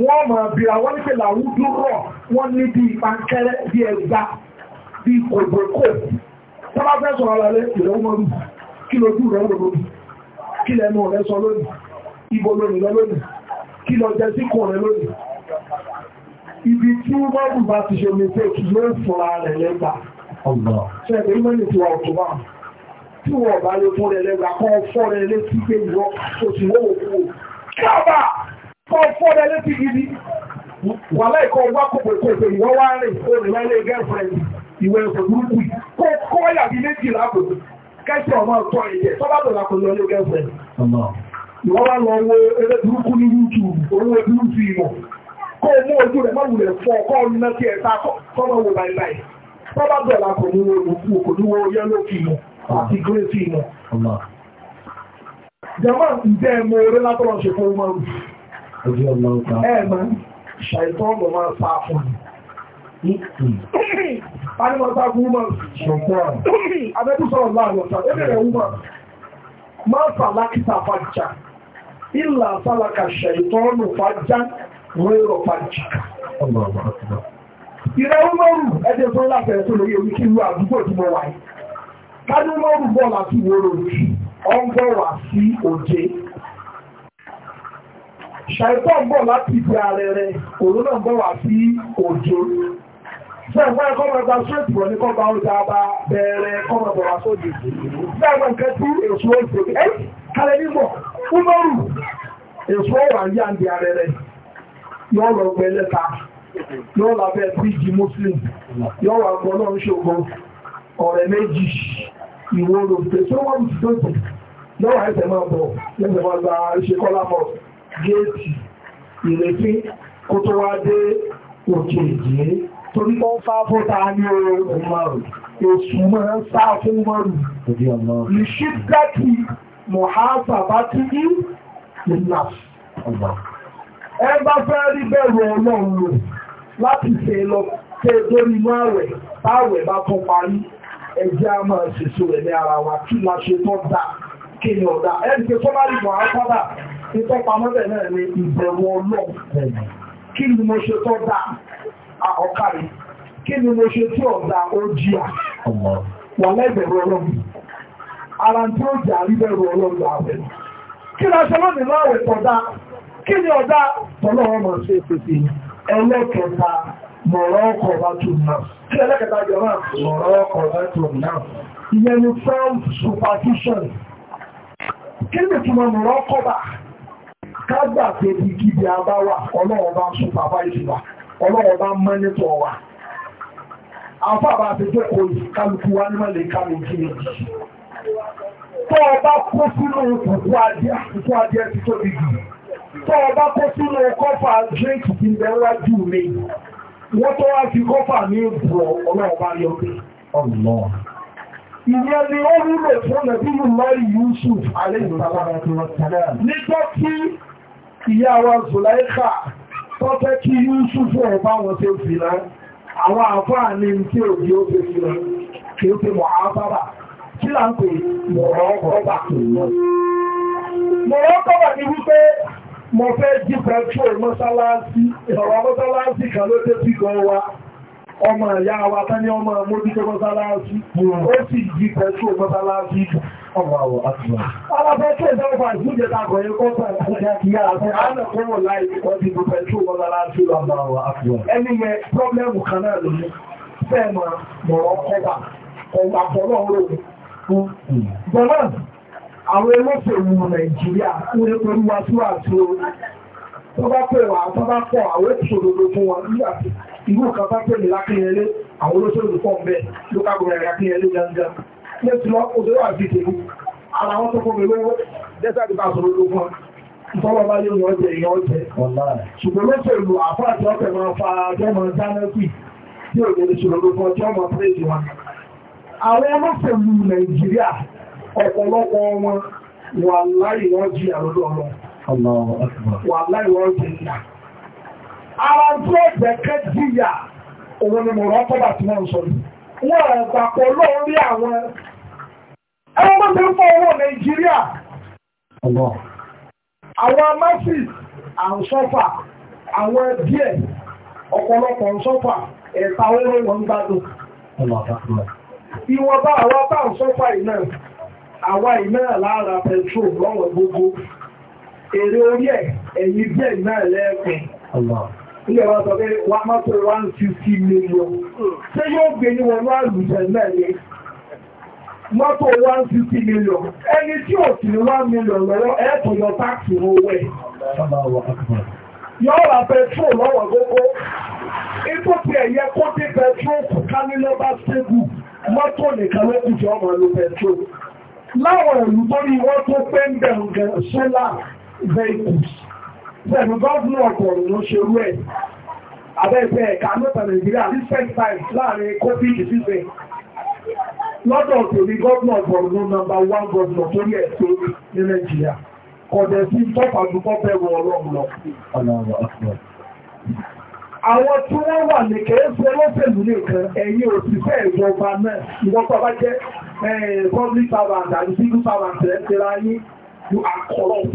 wọ́n mọ̀ bíra wọ́n nípe làwúdú rọ̀ wọ́n ní bí ìpankẹ́rẹ́ bí ẹgbà bí kògbòkò tọ́bá fẹ́ sọ̀rọ̀ lálẹ́ ìrọ̀mọ́rù kí lójú rẹ̀ lórí kí lẹ́nu rẹ̀ sọ lónìí ibo lónìí lọ lónìí kí lọ jẹ sí kùn rẹ̀ lónìí ibi tí mọ́rù bá ti ṣe mẹ́fẹ́ kì yóò fọ́ra rẹ̀ lẹ́gbà ṣẹ̀gbẹ̀ ìmọ̀nì tí wọ́n tó bá tí wọ́n bá lè fún rẹ̀ lẹ́gbà kọ́ fọ́ rẹ̀ létí pé ìwọ́ kọ́ fọ́dẹ létí gidi wà láìkọ́ wá kò pèsè pé ìwọ́ wá rìn ó rìn lálé girlfriend ìwẹ̀ ẹ̀kọ́ burúkú kó kọ́ yàbí méjì lápò kẹ́sì ọmọ ọ̀tọ́ ìjẹ́ tọ́bàtò lápò lọ lé girlfriend ìwọ́ wá lọ wo eré burúkú ní YouTube owó burúkú ìmọ̀ kó mú ojú rẹ̀ má wulẹ̀ fọ́ kọ́ ọ̀nà tí ẹ̀ ta kọ́mọ wo báyìí tọ́bàtò lápò ní wo òkú ní wo yẹ́lò fìmọ̀ àti gíré fìmọ̀ jama ǹjẹ́ mo rí látọ̀rọ̀ ṣe fún ọmọ rù ẹ̀mọ́ ṣàìtọ́ ọmọ máa pa fún mi alimọ̀ta fún mọ́ ṣọ̀pọ̀ abẹ́kú sọ̀rọ̀ láàrín ọ̀tà ẹgbẹ̀rẹ̀ wúmọ̀ máa fà lákìtà fàjà ìlà sálàkà ṣàìtọ́ ọmọ fàjà rẹ̀rọ̀ fàjà ìrẹ̀ ọmọrù ẹjẹ́ tó láfẹ̀ẹ́ tó lórí orí kí ìlú àdúgbò tí mo wáyé kájú mọ́rù bọ́ọ̀lù àti ìwòrò ọ̀gbọ̀wà sí òjé ṣàìtọ́ ń bọ̀ láti ibi ààrẹ rẹ̀ òun náà bọ̀ wá sí òjò sẹ́gbọ́n ẹ̀kọ́ mọ̀gbà sóòtù rọ̀ ní kọ́gbà ọjà bá bẹ̀rẹ̀ ẹ̀kọ́ mọ̀gbà wá sóòjì sẹ́gbọ́n nǹkan tí èso òjò ẹ́ kalẹ̀ nímọ̀ fúnmọ́rù èso wà ń yá ndí ààrẹ muslim yọ́ wà gbọ́ náà ń ṣògo ọ̀rẹ́ méjì ìwòrò tẹ̀síwọ́n tó tẹ̀ yọ́ wà ẹ̀sẹ̀ máa bọ̀ ẹ̀sẹ̀ máa gba ìṣekọ́lá mọ́ọ̀sì géètì ìrètí kó tó wá dé òkè ìjìyẹ torí wọ́n fá fóta ní oòrùn márùn èsù mọ́ sá fún márùn ìṣíkàtì mọ̀háṣàbátí ní ìlàs ẹgbà fẹ́ rí bẹ̀rù ọlọ́run lò láti ṣe lọ tẹ́ dórí inú àwẹ̀ táwẹ̀ bá tún parí ẹjẹ́ a máa ṣèṣò ẹ̀mí ara wa kí la ṣe tọ́ da kí ni ọ̀dà ẹni pé tó bá rí mọ̀háṣàbátí Ìtọ́ pamọ́bẹ̀ náà ni ìbẹ̀wọ̀ ọlọ́run. Kí ni mo ṣe tọ́ dá ọ̀kárí? Kí ni mo ṣe tí ọ̀dá ó jíà? Wà lẹ́bẹ̀rù ọlọ́run. Ara tí ó jà rí bẹ̀rù ọlọ́run láàwẹ̀. Kí ni aṣọ lónìí láwẹ̀ tọ́dá? Kí ni ọ̀dá tọ́lọ́run mọ̀ sí ètòsí? Ẹlẹ́kẹta mọ̀rọ̀ ọkọ̀ bá náà. Kí ẹlẹ́kẹta jọ náà? Mọ̀rọ̀ ọkọ̀ bá náà kágbà pé ibikíbi abá wà ọlọ́run bá ń sún bàbá ìṣúwà ọlọ́run bá ń mọ́nítọ̀ wà afábà ti jókòó kálukú wa ní mọ́lẹ̀ kálù kí ni tó ọba kó sínú kòkó adìẹ kòkó ti tóbi jù tó kó sínú kọfà drink ti ń bẹ̀rẹ̀ wájú mi wọ́n tó wá fi kọfà ní ìbùrọ̀ ọlọ́run bá yọ pé ọ̀nà ìyẹn ni ó wúlò fún nàbí yìí Yusuf alẹ́ ìgbàlá nígbà tí ìyá wa Zulaikha tọ́tẹ́ kí Yúsùfù ọba wọn tó fi rán àwọn àfáà ní tí ò ní ó fi fi rán kí ó fi mọ̀ ábára kí là ń pè mọ̀rọ̀ ọba tó wípé mo ọmọ ìyá wa tán ní ọmọ mójútó mọ́sálásí ó sì yí pẹ̀lú mọ́sálásí ọmọ àwọ̀ àtìwà. alábẹ́ tó ìdáwọ̀fà ìsúnjẹ takọ̀ yẹ kọ́ pẹ̀lú àti àkíyà àti àánà tó wọ̀ láì ọdí pẹ̀lú mọ́sálásí ọmọ àwọ̀ àtìwà. ẹni yẹ pọ́blẹ́mù kan náà lónìí fẹ́ẹ̀ mọ̀ mọ̀rọ̀ kọ́bà ọ̀gbà pọ̀lọ́ Bọ́lá, àwọn olóṣèlú Nàìjíríà ní orí wa síwájú tó bá pè wá tó bá pọ̀ àwọn ìṣòdodo fún wọn nígbà ìwò kan bá tẹ̀lé lákìnyẹlé àwọn olóṣèlú pọ̀ mbẹ́ ló kágbọ̀rẹ̀ lákìnyẹlé gangan lẹ́tí lọ òṣèré àti ìtẹ̀lú ara wọn tó fún mi lówó dẹ́sà ti bá sọ̀rọ̀ ló fún fa jọmọ dánẹ́kì tí ò lè ṣòro ló fún ọjọ́ ọmọ pírẹ́sì wọn àwọn olóṣèlú nàìjíríà ọ̀pọ̀lọpọ̀ wọn wà láì wọ́n jí àròlọ́ wọn wà láì jí ìyá ara tí ó jẹ́kẹ́ jìyà òun ni mọ̀rọ̀ ọkọ̀bà tí wọ́n ń sọ ní wọ́n ẹ̀gbàpọ̀ lórí àwọn ẹwọ́n tó ti ń fọ owó nàìjíríà àwọn amásì à àwọn ọ̀pọ̀lọpọ̀ ẹ̀ta owó wọn gbádùn ìwọ̀nba àwọn apá iná gbogbo èrè orí ẹ̀ ẹ̀yìn ilẹ̀ wa sọ pé wà mọ́tò 150 million ṣé yóò gbé ní wọn wá lùsẹ̀ náà ní mọ́tò 150 million ẹni tí ò sí 1 million lọ́wọ́ ẹ̀ẹ́tọ̀ yọ táàkì owó ẹ̀ yọ́ ra pẹ̀tró lọ́wọ́ gógó ipò tí ẹ̀yẹ kó dé pẹ̀tró kò ká ní lọ́bá stébù mọ́tò nìkan ló kù jọ ọmọ ìlú pẹ̀tró láwọn ìlú tó ní wọ́n tó pẹ́ ń bẹ̀rù gẹ̀ sólà vehicles Pẹ̀lú gọ́ọ̀nù ọ̀tọ̀rùn ló ṣe rú ẹ̀. Abẹ́ẹ̀fẹ́ ẹ̀ka mẹ́ta Nàìjíríà ní Spectime láàrin COVID síse. Lọ́dọ̀ tèmi gọ́ọ̀nù ọ̀tọ̀rùn ló nọmba one gọ́ọ̀nù tó yẹ tó ní Nàìjíríà. Kọ̀dẹ̀ sí tọ́pà dúpọ́ bẹ̀rù ọlọ́run lọ. Àwọn tí wọ́n wà ní kẹ́ẹ́sì olóṣèlú nìkan ẹ̀yìn òṣìṣẹ́ ìjọba náà ìwọ́pá bá jẹ́ public servant and civil you are corrupt.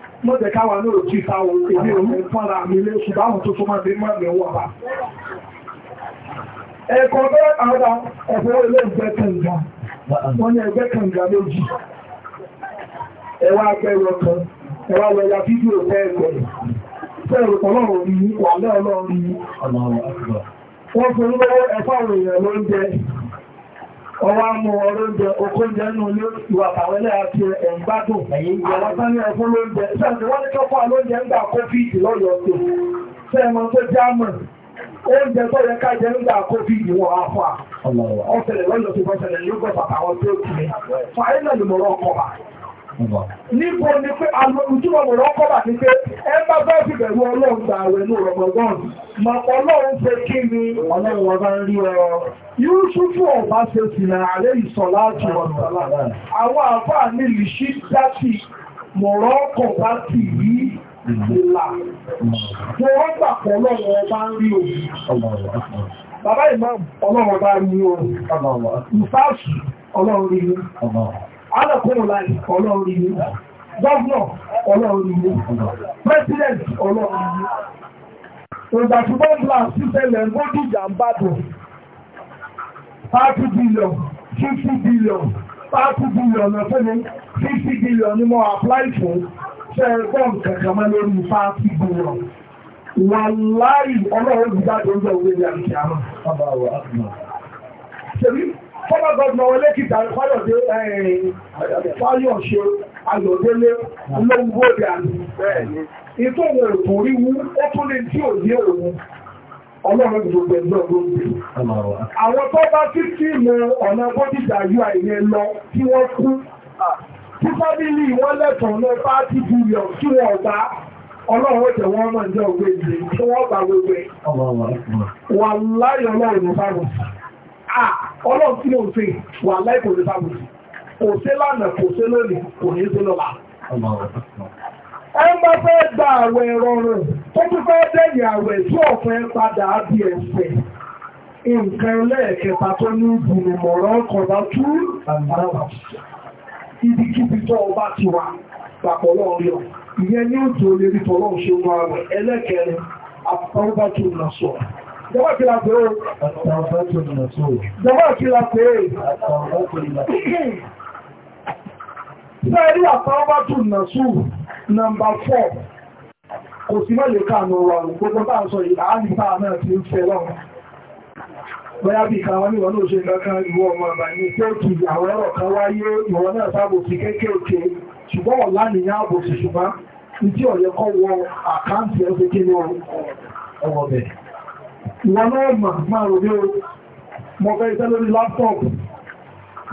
mọ́jẹ̀ káwà ní òjì ìsáwò èmi òní fọ́nà àmìlé ṣùgbọ́n tó tó máa dé máa lè wọ́n bá. ẹ̀kọ́ tó ara ọ̀pọ̀ ilé ẹgbẹ́ kànga wọ́n ní ẹgbẹ́ kànga méjì ẹwà ọwá mú ọlóúnjẹ okóúnjẹ nínú ilé ìwà àwẹ́lẹ́ àti ẹ̀gbádùn àwọn tán ní ẹ̀fún lóúnjẹ sẹ́ẹ̀sì wọ́n ní kọ́kọ́ alóúnjẹ ń gbà kófíìdì lọ́yọ̀ tó sẹ́ẹ̀mọ́ tó jámọ̀ oúnjẹ tó yẹ kájẹ ń gbà kófíìdì wọn àfà ọ̀sẹ̀lẹ̀ lọ́yọ̀ tó bọ́sẹ̀lẹ̀ lógọ́ta àwọn tó kìí fàílẹ̀ lùmọ̀rọ̀ ọkọ̀ fún wa. níbo ni pé àlọ́rùjúmọ̀ mọ̀rọ̀ kọ́bà ní pé ẹ bá bá bìbẹ̀rù ọlọ́run gbà rẹ̀ ní rọ̀mọ̀gán mọ̀ ọlọ́run ṣe kí ni ọlọ́run ọba ń rí ọ. yúṣùfù ọba ṣe sì nà àlẹ́ ìsọ̀lá bàbá ìmọ̀ ọlọ́run ọba ń rí òun ọlọ́run rí alákùnrin láì ọlọ́run yìí gọ́ọ̀nà ọlọ́run yìí president ọlọ́run yìí ìgbà tí wọ́n gbà sísẹ̀lẹ̀ gbódìjà ń bàdàn thirty billion fifty billion thirty billion ọ̀fẹ́ni fifty billion ni mo apply fún ṣe ẹgbọ́n kankan mọ́ lórí thirty billion wàláì ọlọ́run yìí jáde ń bẹ̀ wọlé àti àmọ́ fọ́lá gọ́ọ̀nà wọlé kìtà fáyọ̀dé fáyọ̀ṣe ayọ̀délé olóngbòdè àti ìtò òun ètò ríwú ó tún lè tí ò yé òun ọlọ́run gbogbo ẹgbẹ́ ọgbọ́n àwọn tó bá tí tí mọ ọ̀nà bọ́dìjà ui yẹn lọ tí wọ́n kú tí fábílì wọ́n lẹ́tọ̀ọ́ lọ bá ti bùrọ̀ tí wọ́n bá ọlọ́run tẹ̀ wọ́n mọ̀ ní ọgbẹ́ ìdè tí wọ́n bá gbogbo ẹ̀ wà láyọ̀ ọlọ́run bá wọn Ah, ọlọ́run tí mo ṣe wà láìpò ní sábùsì kò ṣe lánàá kò ṣe lónìí kò ní ṣe lọ́la. ẹ má fẹ́ gba àwẹ̀ rọrùn tó tún fẹ́ dẹ̀yìn àwẹ̀ tí ọ̀fẹ́ padà bí ẹsẹ̀ nǹkan lẹ́ẹ̀kẹta tó ní ìbùnú mọ̀rán kọ̀dá tú àgbàrá ibikíbi tó ọba ti wà papọ̀ lọ́rùn yọ ìyẹn ní òjò lè rí tọ́lọ́ ṣe wọn àwẹ̀ ẹlẹ́kẹrin àpapọ̀ bá tó nà sọ̀rọ̀ Jọba kí la pé o. Jọba kí la pé e. Sẹ́ẹ̀rí àtàwọ́bátù nàṣù nàmbà 4 kò sí mọ́ lè káànù wà gbogbo bá ń sọ ìlàánípa náà ti ń fẹ́ lọ́wọ́. Bọ́yá bí ìkàwọn ní wọn ló ṣe kankan ìwọ ọmọ àgbà ní tẹ́ẹ̀kì àwọn ẹ̀rọ kan wáyé ìwọ náà sábò sí kéékèèké ṣùgbọ́n wọ́n lánìyàn àbòsí ṣùgbọ́n ní tí ọ̀yẹ́kọ́ wọ àkáǹtì ẹ̀fẹ́ kí ni ọwọ́ bẹ̀rẹ̀ ìwọ̀n ọmọ máa rò ní o mọ́ fẹ́ iṣẹ́ lórí láptọ̀pù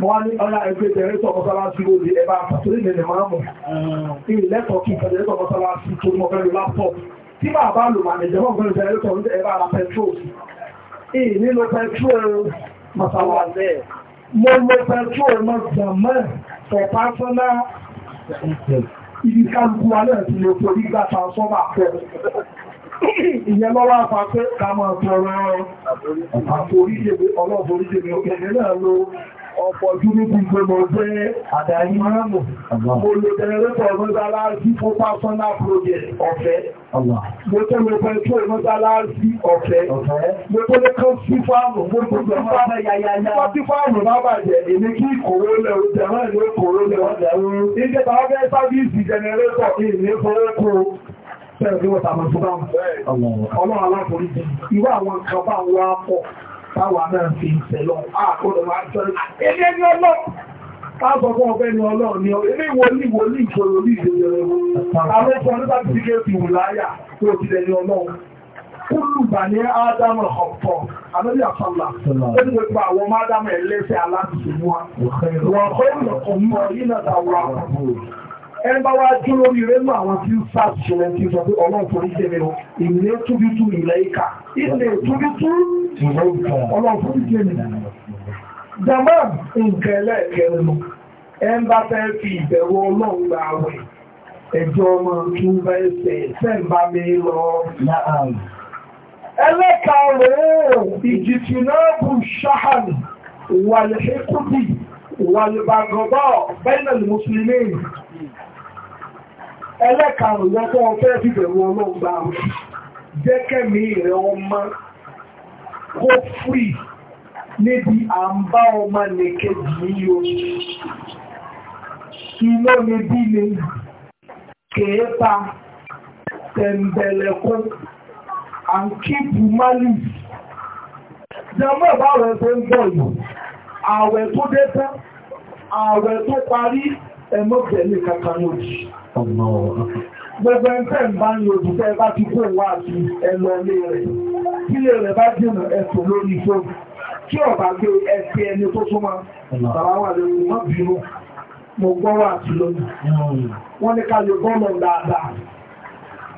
wọ́n ní ọlá ẹgbẹ́ tẹ̀rẹ́tọ̀ mọ́sálásí lórí ẹbá àpàtórí ìrìnlẹ̀ máa mọ̀ ah. ìlẹ́tọ̀ kí tẹ̀rẹ́tọ̀ mọ́sálásí tó mọ́ fẹ́ lórí láptọ̀pù tí máa bá lò mànìjẹ́ mọ́ fẹ́ tẹ̀rẹ́tọ̀ ẹbá ara petrol ìnílò petrol mọ́sálásí mo lo petrol mọ́sálásí for personal ibi kálukú alẹ́ ìsinmi òfin orí gbà transformer pẹ̀lú ìyẹn lọ́wọ́ afá pé ká máa tọrọ àforíjèbé ọlọ́foríjèbé òkèlè náà ló ọ̀pọ̀ jú ní gbogbo mọ̀ pé àdáyí márùn-ún mo lò tẹ̀lẹ́rẹ́tọ̀ mọ́sálásí fún personal project ọ̀fẹ́ mo tẹ́ mo fẹ́ tó mọ́sálásí ọ̀fẹ́ mo tó lè kán sí fáàmù mo tó lè fáàmù yáyáyá tí fáàmù bá bàjẹ́ èmi kí kòró lẹ̀ òjẹ̀rán ìlú kòró lẹ̀ ọ̀dẹ̀rún Bẹ́ẹ̀ bí wọ́n tàbí tó bá ń ọlọ́run aláforíjì, ìwọ́ àwọn kan bá wá pọ̀ táwà náà fi ń tẹ̀lọ, àkọ́dọ̀ máa tọ́rọ. Ilé ní ọlọ́run, táàbọ̀ fún ọgbẹ́ ní ọlọ́run ni ilé ìwòlí ìwòlí ìṣòro ní ìṣòro. Àwọn ọkọ̀ nígbà tí kí ó ti wù láyà tó ti lẹ̀ ní ọlọ́run. Kúlù bà ní Ádámù ọ̀pọ̀, àmọ́lẹ́ àfàlà, ó ti gbogbo àwọn ọmọ Ádámù ẹ̀lẹ́sẹ̀ aláàbùsùn wọn. Wọ̀n kọ́ ìrọ̀kọ̀ mọ́ yínà tàwọn àpapọ̀ ẹni bá wá dúró lórí rẹ́nu àwọn tí ń sá ṣẹlẹ̀ tí sọ pé ọlọ́run forí tèmi o ìlé túbítú ilẹ̀ ìka ilé túbítú ọlọ́run forí tèmi jama nǹkan ẹlẹ́ẹ̀kẹrin nu ẹni bá fẹ́ fi ìbẹ̀rù ọlọ́run gba àwẹ̀ ẹjọ́ ọmọ tún bá ẹsẹ̀ sẹ́ǹbà mi lọ ẹlẹ́kàrún ìjìtì náà bù ṣáhàní wàlẹ̀ṣẹ́kùtì wàlẹ̀bàgọ́bọ̀ bẹ́ẹ̀nà ẹlẹ́karùn-ún wọn fún ọfẹ́ fífẹ̀ wọn náà gba jẹ́kẹ́mí rẹ̀ ọmọ kó fúrì níbi à ń bá ọmọ nìkejì yíyo iná ni bí ni kèépa tẹ̀m̀bẹ̀lẹ̀kú and keep malice jẹ́mọ́ ìbáwẹ̀ tó ń bọ̀ yìí ààwẹ̀ tó dé tán ààwẹ̀ tó parí ẹ̀mọ́bẹ̀ẹ́lẹ̀ kankan lójì Gbogbo ẹ̀ntẹ́ ń bá ní òjìṣẹ́ bá ti kó wá sí ẹlọ ilé rẹ̀. Tí ilé rẹ̀ bá jìnà ẹ̀sùn lórí fóònù, kí ọ̀bá gbé ẹ̀sẹ̀ ẹni tó súnmọ́, bàbá wà lórí wọ́n bínú, mo gbọ́ wà sí lónìí. Hmm. Wọ́n ní ká lè bọ́ọ̀lọ̀ dáadáa.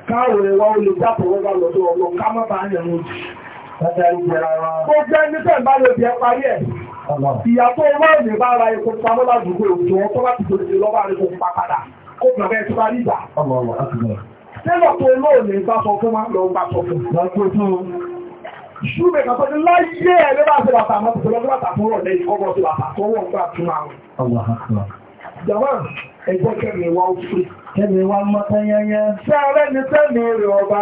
Káàrò ẹwà ó lè jápọ̀ wọ́n bá lọ́dọ̀ ọlọ́ ká má bàá yẹn lójì. Gbogbo ẹni tẹ́ ń bá lè bí ẹ parí ẹ̀. Ìyàtọ̀ wọ́n ní bá ra epo pamọ́ ládùúgbò òjò wọn tó bá ti tòṣe lọ́wọ́ àríkò pa padà kó bàbá ẹ̀ tó bá rí ìgbà tẹ́lọ̀ tó lóòlè bá sọ fún máa lọ bá sọ fún lọ́gbọ́n tó ṣúgbẹ̀ kan tọ́jú láyé ẹ̀ ló bá ṣe bàtà mọ́ tó lọ́gbọ́n bàtà fún rọ̀ lẹ́yìn kọ́gbọ́n tó bàtà tó wọ́n gbà tún àwọn jàmá ẹgbẹ́ kẹ́mi wá ó fúrí kẹ́mi wá mọ́ tẹ́yẹyẹ sẹ́rẹ́ ni tẹ́mi rẹ̀ ọba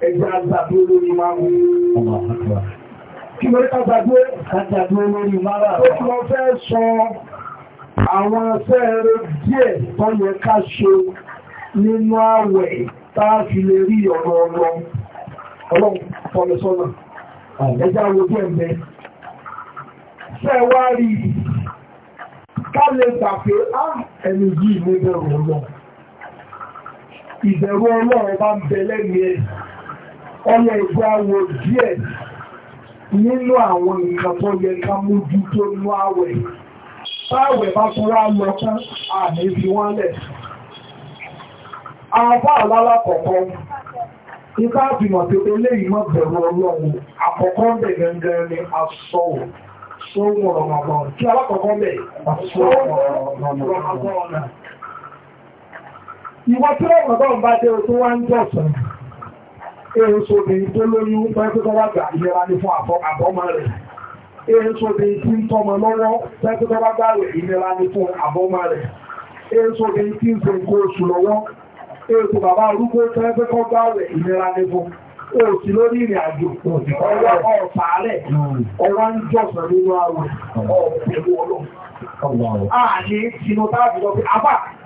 ẹjẹ́ àgbàdúró lórí márùn-ún. Kí lórí àgbàdúró lórí márùn-ún? Ó ti lọ fẹ́ sọ àwọn afẹ́ẹ̀rẹ́ díẹ̀ tó yẹ ká ṣe nínú àwẹ̀ táà fi lè rí ọ̀rọ̀ ọlọ́ ọlọ́run fọ́lọ́sọ́nà ẹjẹ́ àwọn ojú ẹ̀mẹ́ sẹ́wárí ká lè gbà pé á ẹni yìí ní bẹ̀rù ọlọ́ ìbẹ̀rù ọlọ́run ọyẹ ìfẹ́ àwọ̀ díẹ̀ nínú àwọn nǹkan tó yẹ ká mójú tó nú àwẹ̀ táwẹ̀ bá tún wá lọ tán àmì fi wọ́n lẹ̀ afá àlálà kọ̀kọ́ ipa àfihàn pé eléyìí mọ́ bẹ̀rù ọlọ́run àkọ́kọ́ bẹ̀ gangan ni asọ́wọ̀ sóhun ọ̀rọ̀mọ̀gbọ̀n kí alákọ̀ọ́kọ́ bẹ̀ asọ́wọ̀ ọ̀rọ̀mọ̀gbọ̀n ìwọ tí ọ̀rọ̀mọ̀gbọ̀n bá èyí sóbìnrin tó lóyún pẹ́kútọ́wàgbà ìlera ní fún àbọ́mọ rẹ̀ èyí sóbìnrin tí ń tọ́mọ lọ́wọ́ pẹ́kútọ́wàgbà rẹ̀ ìlera ní fún àbọ́mọ rẹ̀ èyí sóbìnrin tí ń ṣe nǹkan oṣù lọ́wọ́ èkó bàbá arúgbó pẹ́kútọ́wàgbà rẹ̀ ìlera ní fún òsì lórí ìrìn àjò ọwọ́ ọ̀fàálẹ̀ ọwọ́ ń jọ̀sọ̀ nínú àwẹ̀ ọ̀pẹ̀lú ọlọ́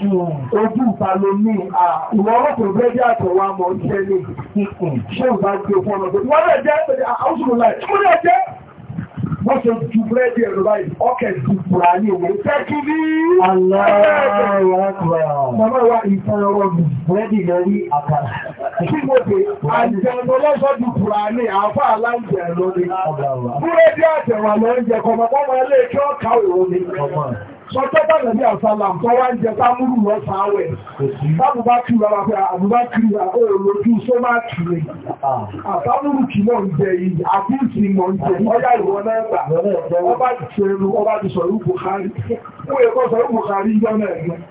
ojú ìtàlò ní ìwọ ọlọ́pọ̀ bẹ́ẹ̀dẹ́ àtọ̀wà mọ̀ ṣẹ́ lè ṣe ìgbà tí ó fọ́nà tó wọ́n lè jẹ́ àwọ́sùn láì tí ó lè jẹ́ wọ́n ṣe ju bẹ́ẹ̀dẹ́ ẹ̀rọ báyìí ọkẹ̀ ju pùrà ní ìwé fẹ́ kí ní Mọ̀mọ́wà ìfẹ́rọ̀rọ̀ bẹ́ẹ̀dì lórí àkàrà. Kí mo pè, àjẹ̀mọ́ lọ́sọ́ ju pùrà ní àfá aláǹjẹ̀ lórí. Búrẹ́dì àtẹ̀wà lọ́ń jẹ kọmọ Sọ́tọ́ bàbá ní àṣàlà tó wá ń jẹ sámúrù lọ́sàn áwẹ̀. Bábùbá kí rárá pé àbúbá kí rárá ó lójú só máa kì rẹ̀. Àtàmúrù kì náà ń jẹ yìí, àbúrùsì mọ̀ ń jẹ, ọjá ìwọ náà gbà. Ọba ti sọ ẹnu, ọba ti sọ ìrú Buhari. Ó yẹ kọ́ sọ ìrú Buhari yọ́nà ẹ̀gbẹ́.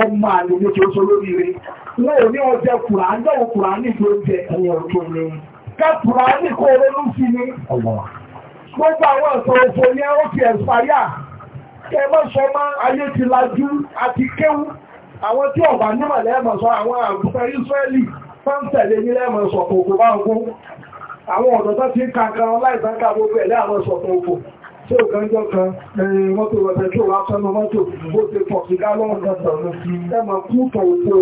ọmọ àlè ní kí ó so lórí rẹ̀ wọ́n ò ní ọjẹ́ kùránì jọ́wọ́ kùránì tó jẹ ẹ̀yẹ̀ òkè ni ká kùránì kó ronú sí ni gbogbo àwọn ẹ̀sọ̀ òfò ní ẹ̀rọ ti ẹ̀sàyà ẹ má sọ má ayé ti lajú àti kéwú àwọn tí ọ̀bà nímọ̀ lẹ́ẹ̀mọ̀ sọ àwọn àgùntàn Ísírẹ́lì fẹ́ǹtẹ̀lẹ̀ ní lẹ́ẹ̀mọ̀ sọ̀tọ̀ òkú bá ń kú àwọn ọ̀dọ́ tó ti ń kankan láìsàn ká gbogbo ẹ̀ lẹ́ẹ̀mọ̀ sọ̀tọ̀ òkú tí ó kan jọ kan ẹ̀yìn mọ́tò rẹ̀ tí ó wá sọ́nà mọ́tò bó ṣe pọ̀ sí gálọ́nù ẹmọ̀ kúùtọ̀ òṣè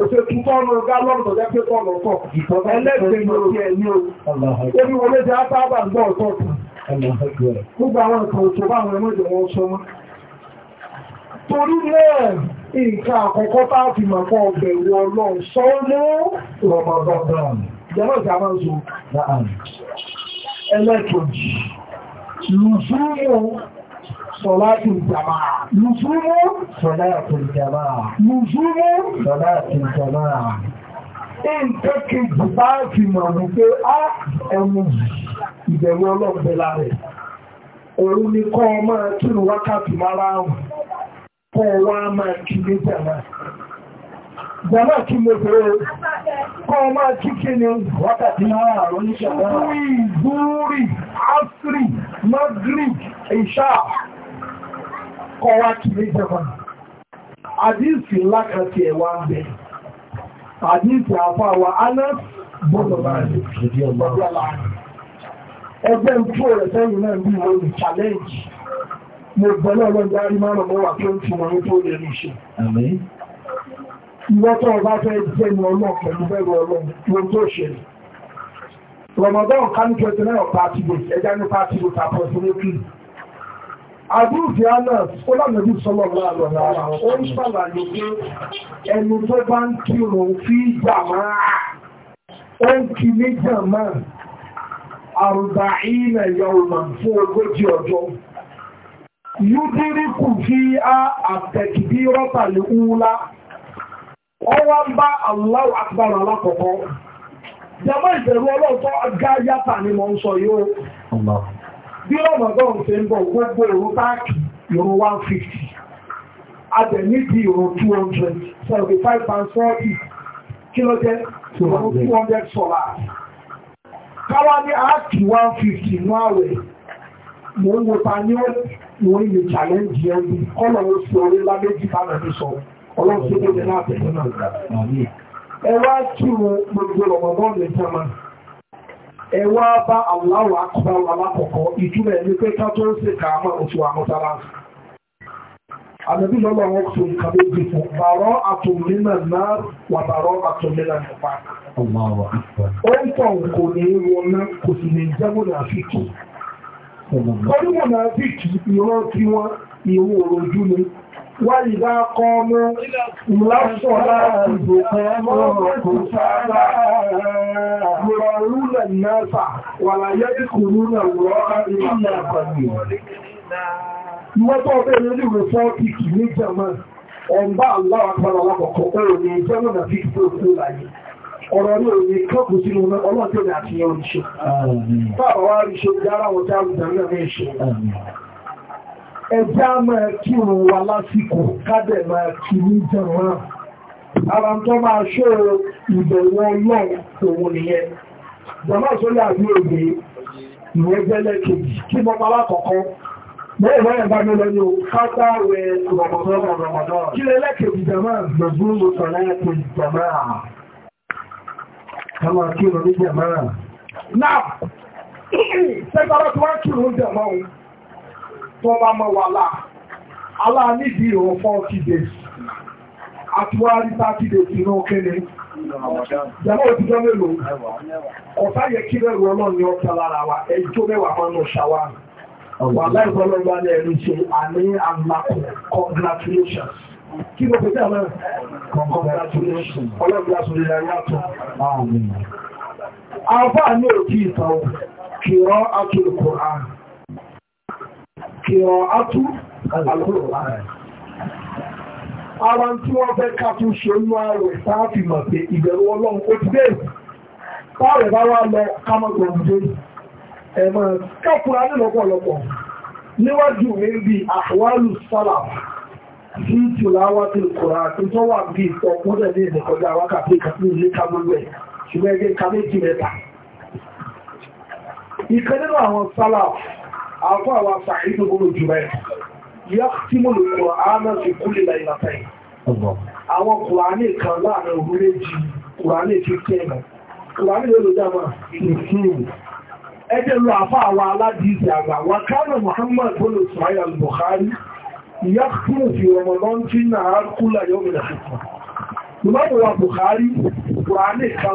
òṣè túnkọ́ ọmọ gálọ́nù tọ́jẹ́ pé pọ̀ lọ́pọ̀ ẹlẹ́gbẹ̀ẹ́ Torí náà, nǹkan àkọ́kọ́ táà fi màá kọ́ ọ̀bẹ̀rù ọlọ́run sọ́ọ́lọ́ Ramadan. Jẹ́mọ́ ìjà máa ń so. Ẹlẹ́kọ̀ọ́jì lùsúmù sọ̀láàtì ìjàmáà lùsúmù sọ̀láàtì ìjàmáà lùsúmù sọ̀láàtì ìjàmáà nǹkan kejì bá fi mọ̀ wípé á ẹnu ìbẹ̀rù ọlọ́gbẹ̀lá rẹ̀ òun ni kọ́ ọmọ kírun wákàtí márùn-ún kọ́ wá máa kí ní jàmáà Jọmọ́ kí mo pé kọ́ máa kí kí ni wákàtí náà àrùn ní ṣàdá. Zúrí, Asri, Maghrib, Isha, kọ́ wá kí ní jẹba. Àdíìsì lákàtí ẹ̀wà ń bẹ̀. Àdíìsì àfáwà Anas Bọ́dọ̀ Ẹgbẹ́ rẹ̀ challenge. Mo gbọ́nà ọlọ́dún arí márùn-ún wà ṣe ìwọ́tọ̀ ọba fẹ́ jẹ́ ní ọlọ́run pẹ̀lú bẹ́rù ọlọ́run wọn tó ṣẹlẹ̀ Ramadan kánú 29 party days ẹjá ní party days approximately àdúrùfẹ́ àná ó lánàbí sọ́lọ̀ láàrọ̀lára ó ń sàlàyé pé ẹni tó bá ń kírun fi jàmáà ó ń kí ní jàmáà àrùbà ìnà yọ̀ọ̀mà fún ogójì ọjọ́ yúdírí kù fi á àtẹ̀kìdí rọ́tàlẹ̀ ńlá wọ́n wá ń bá Allahu Akbar alákọ̀ọ́kọ́ jẹmọ́ ìbẹ̀rù ọlọ́ọ̀tọ́ agáyátà ni mo ń sọ yóò bí ọmọdún ṣe ń bọ̀ gbogbo ìrún táàkì ìrún 150 adẹ̀ níbi ìrún 200 75 and 40 kí ló jẹ́ ìrún 200 sọ̀lá káwá ní áàkì 150 ní àwẹ̀ mo ń wo ta ní òun ìlú challenge yẹn bí kọ́lọ̀ oṣù orí lábẹ́jì bá mẹ́rin sọ̀rọ̀ ọlọ́sọ́gbọ́n láti fún náà ẹwà kí o gbogbo ọmọbọ́n lè tẹ́mà ẹwà bá aláwọ̀ akọ̀bá alákọ̀ọ́kọ́ ìtumẹ̀ ní pé ká tó ń ṣe kàámà oṣù àmọ́tàlá àdàbí lọ́lọ́ wọn tó ń kàbé jù fún bàrọ́ àtòmínà náà wà bàrọ́ àtòmínà nípa ó ń tọ̀ kò ní wọn náà kò sì ní jẹ́mọ̀ náà fi kì í. Onímọ̀ náà fi kì í ìran tí wọ́n ìwọ̀n òròjú ni وإذا قاموا إلى الصلاة قاموا كسالى يراعون الناس ولا يذكرون الله إلا قليلا Mọ́tọ́ ọ̀bẹ̀ lórí rẹ̀fọ́tíkì ní Jẹ́mọ́, ọ̀nbá Allah àpàdà alákọ̀ọ́kọ́ ọ̀rọ̀ ní Jẹ́mọ́ nà fi tó kú láyé. Ọ̀rọ̀ ní òní kọ́kù sínú ọlọ́tẹ̀lẹ̀ àti yẹn oríṣẹ́. Fáàbà wá ẹjá máa kírun wa lásìkò kádẹ̀ máa kí ní jẹ̀mọ́ ara tó máa ṣó ìbẹ̀wọ̀ ọlọ́run òun nìyẹn jọmọ́ ìṣọ́lẹ̀ àbí èdè ìwé jẹ́lẹ̀ kejì kí mọ́ pa lákọ̀ọ́kọ́ lẹ́yìn wáyé bá mi lọ ní o kápá rẹ̀ rọ̀mọ̀dọ́rọ̀ rọ̀mọ̀dọ́rọ̀ kí lẹ́lẹ́ kejì jẹ̀mọ́ lọ́dún mo sọ̀rọ̀ ẹ̀ kejì jẹ̀mọ́ kama kírun ní jẹ̀mọ́ náà sẹ́gbàrá tó wá kírun jẹ̀mọ́ tó bá mọ́ wà láà aláà níbi ìrọ̀ 40 days àti wá rí 30 days inú kéde ìjàmọ́ òtijọ́ mélòó ọ̀tá yẹ kí bẹ̀rù ọlọ́run ní congratulations congratulations ọlọ́gbà sórí ẹ̀yàtọ̀ àmì àfáà ní òkè ìtàn kìrọ́ àtúrò Kùránì kìrọ̀ átú alùpùpù ara tí wọ́n fẹ́ ká tún ṣe inú ààrẹ sáàfì mọ̀ pé ìbẹ̀rù ọlọ́run ó ti dé báwẹ̀ bá wá lọ kámọ́tò òjò ẹ̀mọ̀ káfùrà ní lọ́pọ̀lọpọ̀ níwájú mi ń bi àwálù sálà sí tìláwá tí kòrà tí tó wà bí ìtọ́ mọ́tẹ̀ ní ìdẹ̀kọjá wákàtí kàtí ilé kámọ́lẹ̀ ṣùgbọ́n ẹgbẹ́ kámẹ́jì mẹ́ta ìkan nínú àwọn sálà àfọ́ àwọn sàìdù gbogbo jùlọ ẹ̀ yá tí mo lè kọ̀ áná sí kúlẹ̀ láì látàí àwọn kùránì kan láàrin òru méjì kùránì fi kẹ́ẹ̀nà kùránì lè lò dáma ẹjẹ́ lọ àfọ́ àwọn aládìísì àgbà wà kánà Muhammad bọ́lù Ismail al-Bukhari yá tí mo fi Ramadan náà kúlẹ̀ yóò mìíràn Ìmọ̀ ìwà Bukhari, Kùránì kan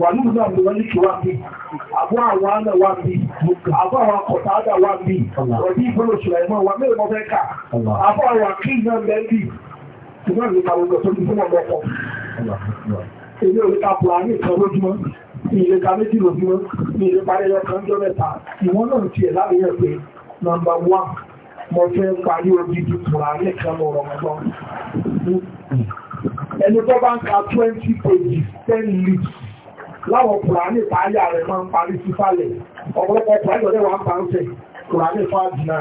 wà ní ìlú àmì wọ́nìkì wà bí àbọ́ àwọn àmì wà bí àbọ́ àwọn akọ̀tàádà wà bí rọ̀bí ìgbóló ṣùlẹ̀mọ́ wà mẹ́rin mọ́fẹ́ ká àbọ́ àwọn akíyàn mẹ́rin bí ṣùgbọ́n ní àwọn ọ̀dọ́ tó ní fún ọmọ ọkọ̀ ilé òrìkà pùlání ìkan lójúmọ́ ìlẹ́ka méjì lójúmọ́ ní ilé parí ẹyọ kan jọ mẹ́ta ìwọ́n náà ti ẹ̀ láàrin pé nọ́mbà wá mo fẹ́ parí odidi pùlání kan lọ́rọ̀ mọ́ ẹni tó bá ń ka 20 pages 10 leaves láwọn kùránì táyà rẹ̀ máa ń parí sísàlẹ̀ ọ̀pọ̀lọpọ̀ kùránì ọ̀dẹ́ wà ń pa ń tẹ̀ kùránì fáàdì náà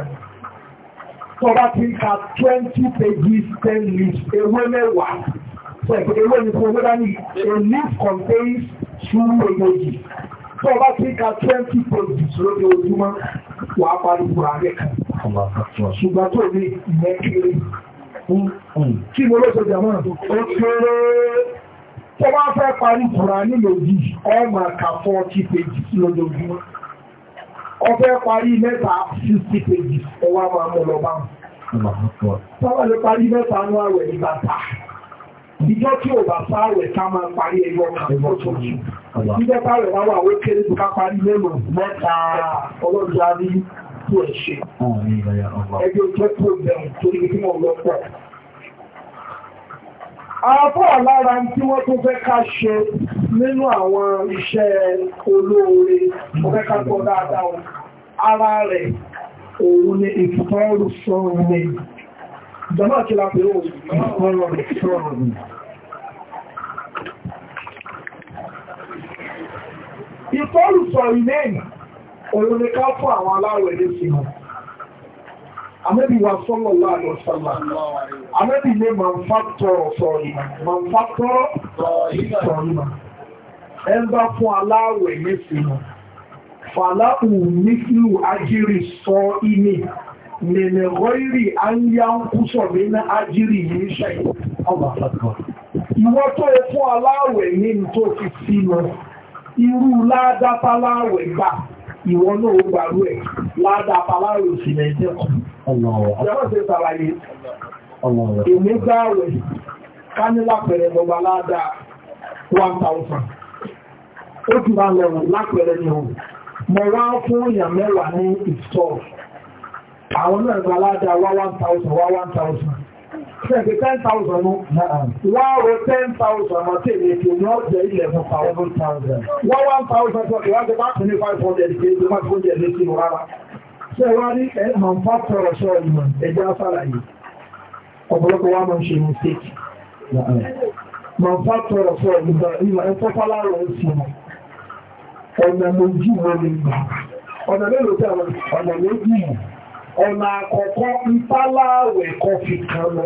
tó bá ti ń ka twenty pages ten leaves ewé mẹ́wàá sọ èpè ewé ni fún owó a leaf contains two emoji. tó bá ti ń ka twenty pages lójoojúmọ́ wà á parí kùránì kan ṣùgbọ́n tó ní ìyẹn kéré kí mo ló jàmọ́ tó bá fẹ́ parí ìtura nílòdì ọmọ ẹ̀ka 40 pages lójoojúmọ́ ọfẹ́ parí mẹ́ta 60 pages ọwọ́ àwọn amọ̀lọ́bá sáwà lè parí mẹ́ta ní àwẹ̀ nígbà ta ìjọ tí ò bá sáwẹ̀ ká máa parí ẹyọ kan lójoojúmọ́ ìjọ táwẹ̀ bá wà ó kéré tó ká parí mẹ́lò mẹ́ta ọlọ́dún adé tó ẹ̀ ṣe ẹgbẹ́ òjò tó bẹ̀rù torí kí wọ́n lọ́pọ̀ àbọ̀ lára tí wọ́n tún fẹ́ ká ṣe nínú àwọn iṣẹ́ olóore ọ̀fẹ́ ká tọ́ dáadáa ara rẹ̀ òun ni ìfọ́rù sọ́rùn ni jọmọ́ kí lápẹ́ òun ìfọ́rù sọ́rùn ni ìfọ́rù sọ́rùn ni òun ni ká fún àwọn aláwẹ̀ lé Ànábì wa sallallahu alaihi wasallam. Ànábì lè máa ń fàtọ̀rọ̀ sọ̀rọ̀ ìmọ̀. Máa ń fàtọ̀rọ̀ sọ̀rọ̀ ìmọ̀. Ẹ ń bá fún aláwẹ̀ nísìnyí. Fàlàkù nífìlù ajírí sọ ìní. Mẹ̀mẹ̀ rọ́ìrì á ń yá ń kú sọ̀rọ̀ iná ajírí yìí ṣe. Ìwọ́ tó fún aláwẹ̀ ní tó fi sínú. Irú ládátá láwẹ̀ ìwọ náà gbàrú ẹ̀ ládàá palárò sí ẹ̀jẹ̀ kù. Ìjọba ṣe ṣàlàyé. Èmi gbá rẹ̀ ká ní lápẹ̀rẹ̀ lọ́gbà ládàá one thousand. Ó ti bá lọ lápẹ̀rẹ̀ ni ọ̀hún. Mo wá fún èèyàn mẹ́wàá ní ìsọ̀. Àwọn náà gbà ládàá wá one thousand wá one thousand. Ṣẹ̀dí ten thousand mú. Wọ́n ro ten thousand mọ́ sí èmi ètò ní ọ̀jẹ̀ eleven thousand. Wọ́n one thousand sọ̀rọ̀ ìwádìí bá tún ní five hundred kí ẹgbẹ́ máa tún jẹ́ létí mu rárá. Ṣé wá rí ẹ̀ máa ń fàtọ̀rọ̀ sọ ìmọ̀ ẹ̀jẹ̀ àṣàlàyé? Ọ̀pọ̀lọpọ̀ wa máa ń ṣe mistake. Máa ń fàtọ̀rọ̀ sọ ìmọ̀ ìmọ̀ ẹ̀fọ́ fálárọ̀ ó sì mọ̀. Ọ̀nà méjì wo ni gbà? Ọ̀nà mélòó ọ̀nà àkọ́kọ́ ń kọfí kan lọ.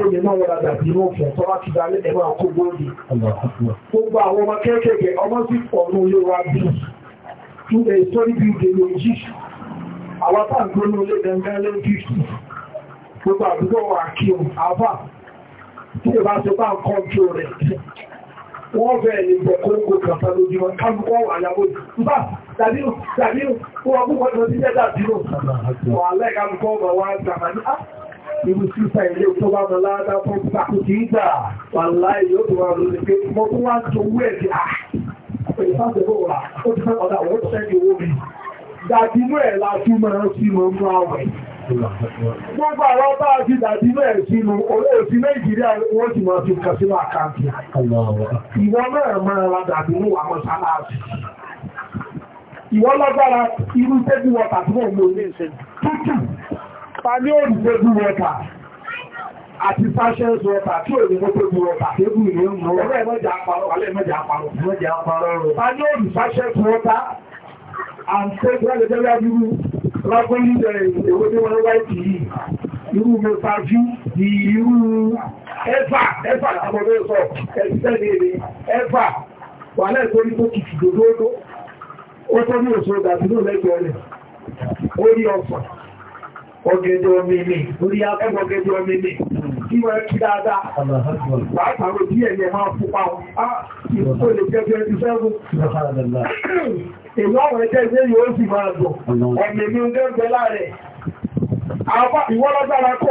ó lè máa wọ́n àgbà bí wọ́n fẹ́ tọ́wá ti dalẹ́ ẹ̀ máa kó góòlì gbogbo àwọn ọmọ kéékèèké ọmọ sí pọ̀ ní ilé wa bí i ilẹ̀ ìtọ́rí bí i lè jí àwọn tá à ń gbé ní ilé gangan lé bí gbogbo àdúgbò wà kí o àbá tí ì bá ṣe bá ń kọ́ ju rẹ̀ wọ́n fẹ́ lè bọ̀ kóńgò kàtà lójúmọ́ kábùkọ́ àyàwó ìgbà tàbí tàbí wọ́n kúkọ́ tó ti jẹ́ dàbí lò wà lẹ́ẹ̀kábùkọ́ ọmọ wa gbàmà ní irú sísà ilé tó bá mọ ládá tó pàtó kì í gbà wà láì yóò tó wà lórí pé mo tún wá tó wú ẹ̀dì à pẹ̀lú sáfẹ́fẹ́ wà ó ti fẹ́ ọ̀dà wọ́n tẹ́ ní owó mi dàdínú ẹ̀ la tún máa ń sí mọ́ mú àwẹ̀ gbogbo àwọn bá ti dàdínú ẹ̀ sínú olóòsí Nàìjíríà wọ́n ti máa fi kàn sínú àkáǹtì ìwọ náà máa ra dàdínú àwọn sáláàsì ìwọ lágbára irú tẹ́bí wọ́ta tí wọ́n mú ní ìṣẹ́jú tútù ta ní òrùn tébù wọ́ta àti fashions wọ́ta tí òrùn mọ́ tébù wọ́ta tébù ìlú mú ọ̀rẹ́ mọ́jà àparọ̀ àparọ̀ mọ́jà àparọ̀ rọ̀ ní and tébù alẹ́gbẹ́lẹ́ irú lágbóyí mẹ́ta jú di irú ẹfà ẹfà àbọ̀bẹ́ sọ ẹ̀sẹ̀ lèrè ẹfà wà lẹ́ẹ̀kọ́ ní tó kìkì dòdó ó tó ní òṣòdà tí ó lẹ́gbẹ̀ẹ́ rẹ̀ ó rí ọ̀sán ọgẹ́dẹ́ omi mi orí akẹ́gbọ̀gẹ́dẹ́ omi mi tí wọ́n kí dáadáa pàápàá bí ẹ̀yẹ máa fúpa wọn á ah, ìfò lè jẹ́ 27 èyí ọ̀rọ̀ ẹjẹ́ ilé yóò sì máa dùn ọ̀nà mi ń gẹ́gbẹ́ láàrẹ̀ ìwọ́lọ́gbára kó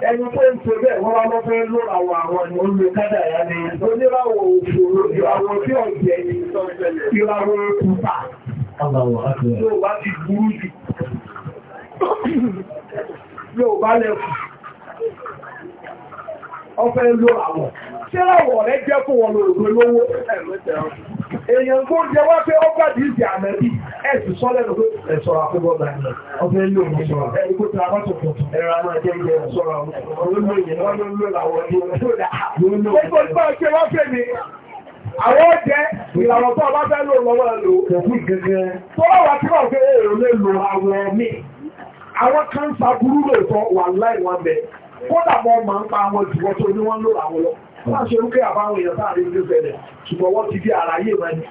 ẹni tó ń tó bẹ́ẹ̀ wọ́n wá lọ́fẹ́ lórawọ̀ àwọn ni ó lè kádà yá ni oníràwọ̀ òṣòro ìràwọ̀ tí ọ̀jẹ́ ìràwọ̀ òkúta tó bá ti burú jù yóò bá lẹ́kù ọfẹ́ lórawọ̀ tẹ́ràwọ̀ rẹ̀ jẹ́ fún wọn lòrò lówó èèyàn tó jẹ wá pé ó gbàdì ìdí àmẹ́bí ẹ̀sì sọ́lẹ̀ àwọn ẹ̀jẹ̀ ìlànà tó bá fẹ́ lò lọ́wọ́ lò òkú gẹ́gẹ́ tó wà tí wọ́n fẹ́ èrò lè lo àwọn mi àwọn kan sa burú wà láì bẹ̀ kódà mọ́ ń pa àwọn ìdíwọ́ tó ní wọ́n lò àwọn lọ́wọ́ wọ́n ṣe rúkẹ́ àbáwọn èèyàn sáà rí ìṣẹ̀lẹ̀ ṣùgbọ́n wọ́n ti fi àráyé mẹ́ni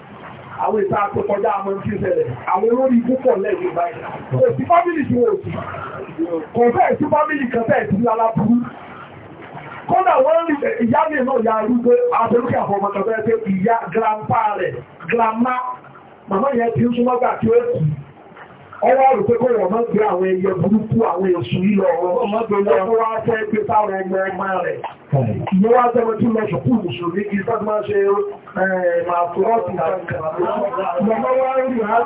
àwọn ìta àpẹkọjá àmọ́ tí ìṣẹ̀lẹ̀ àwọn olórí púpọ̀ lẹ́yìn báyìí kò sí fámìlì tí wọ́n sí kò fẹ́ sí fámìlì kan fẹ́ sí lára burú kódà wọ́n rí eh, ìyá náà ya arúgbó àtẹrúkẹ́ àfọmọ kan fẹ́ grandpa grandma màmá yẹn ti ń súnmọ́gbà tí ó kù ọwọ́ rò pé kọ́wọ́ máa gbé àwọn ẹyẹ burúkú àwọn èṣù ìlọ ọmọdé wá fẹ́ gbé sáwọn ọmọ ọmọ rẹ̀ ìyẹn wá tẹ́wọ́ tí lọ ṣùkú mùsùlùmí kí sọ́gbọ́n ṣe màtúrọ́tì lọ́mọ wá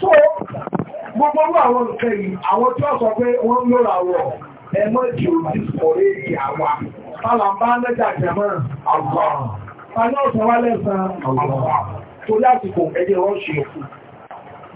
so gbogbo owó àwọn nǹkan yìí àwọn wọ́n sọ tí ó ti sọ̀rọ̀ èdè lẹ́jà jẹ̀mọ́ àwọn àwọn ọ̀sán lẹ́sàn-án àwọn tó láti kò ẹgbẹ́ wọ́n ṣe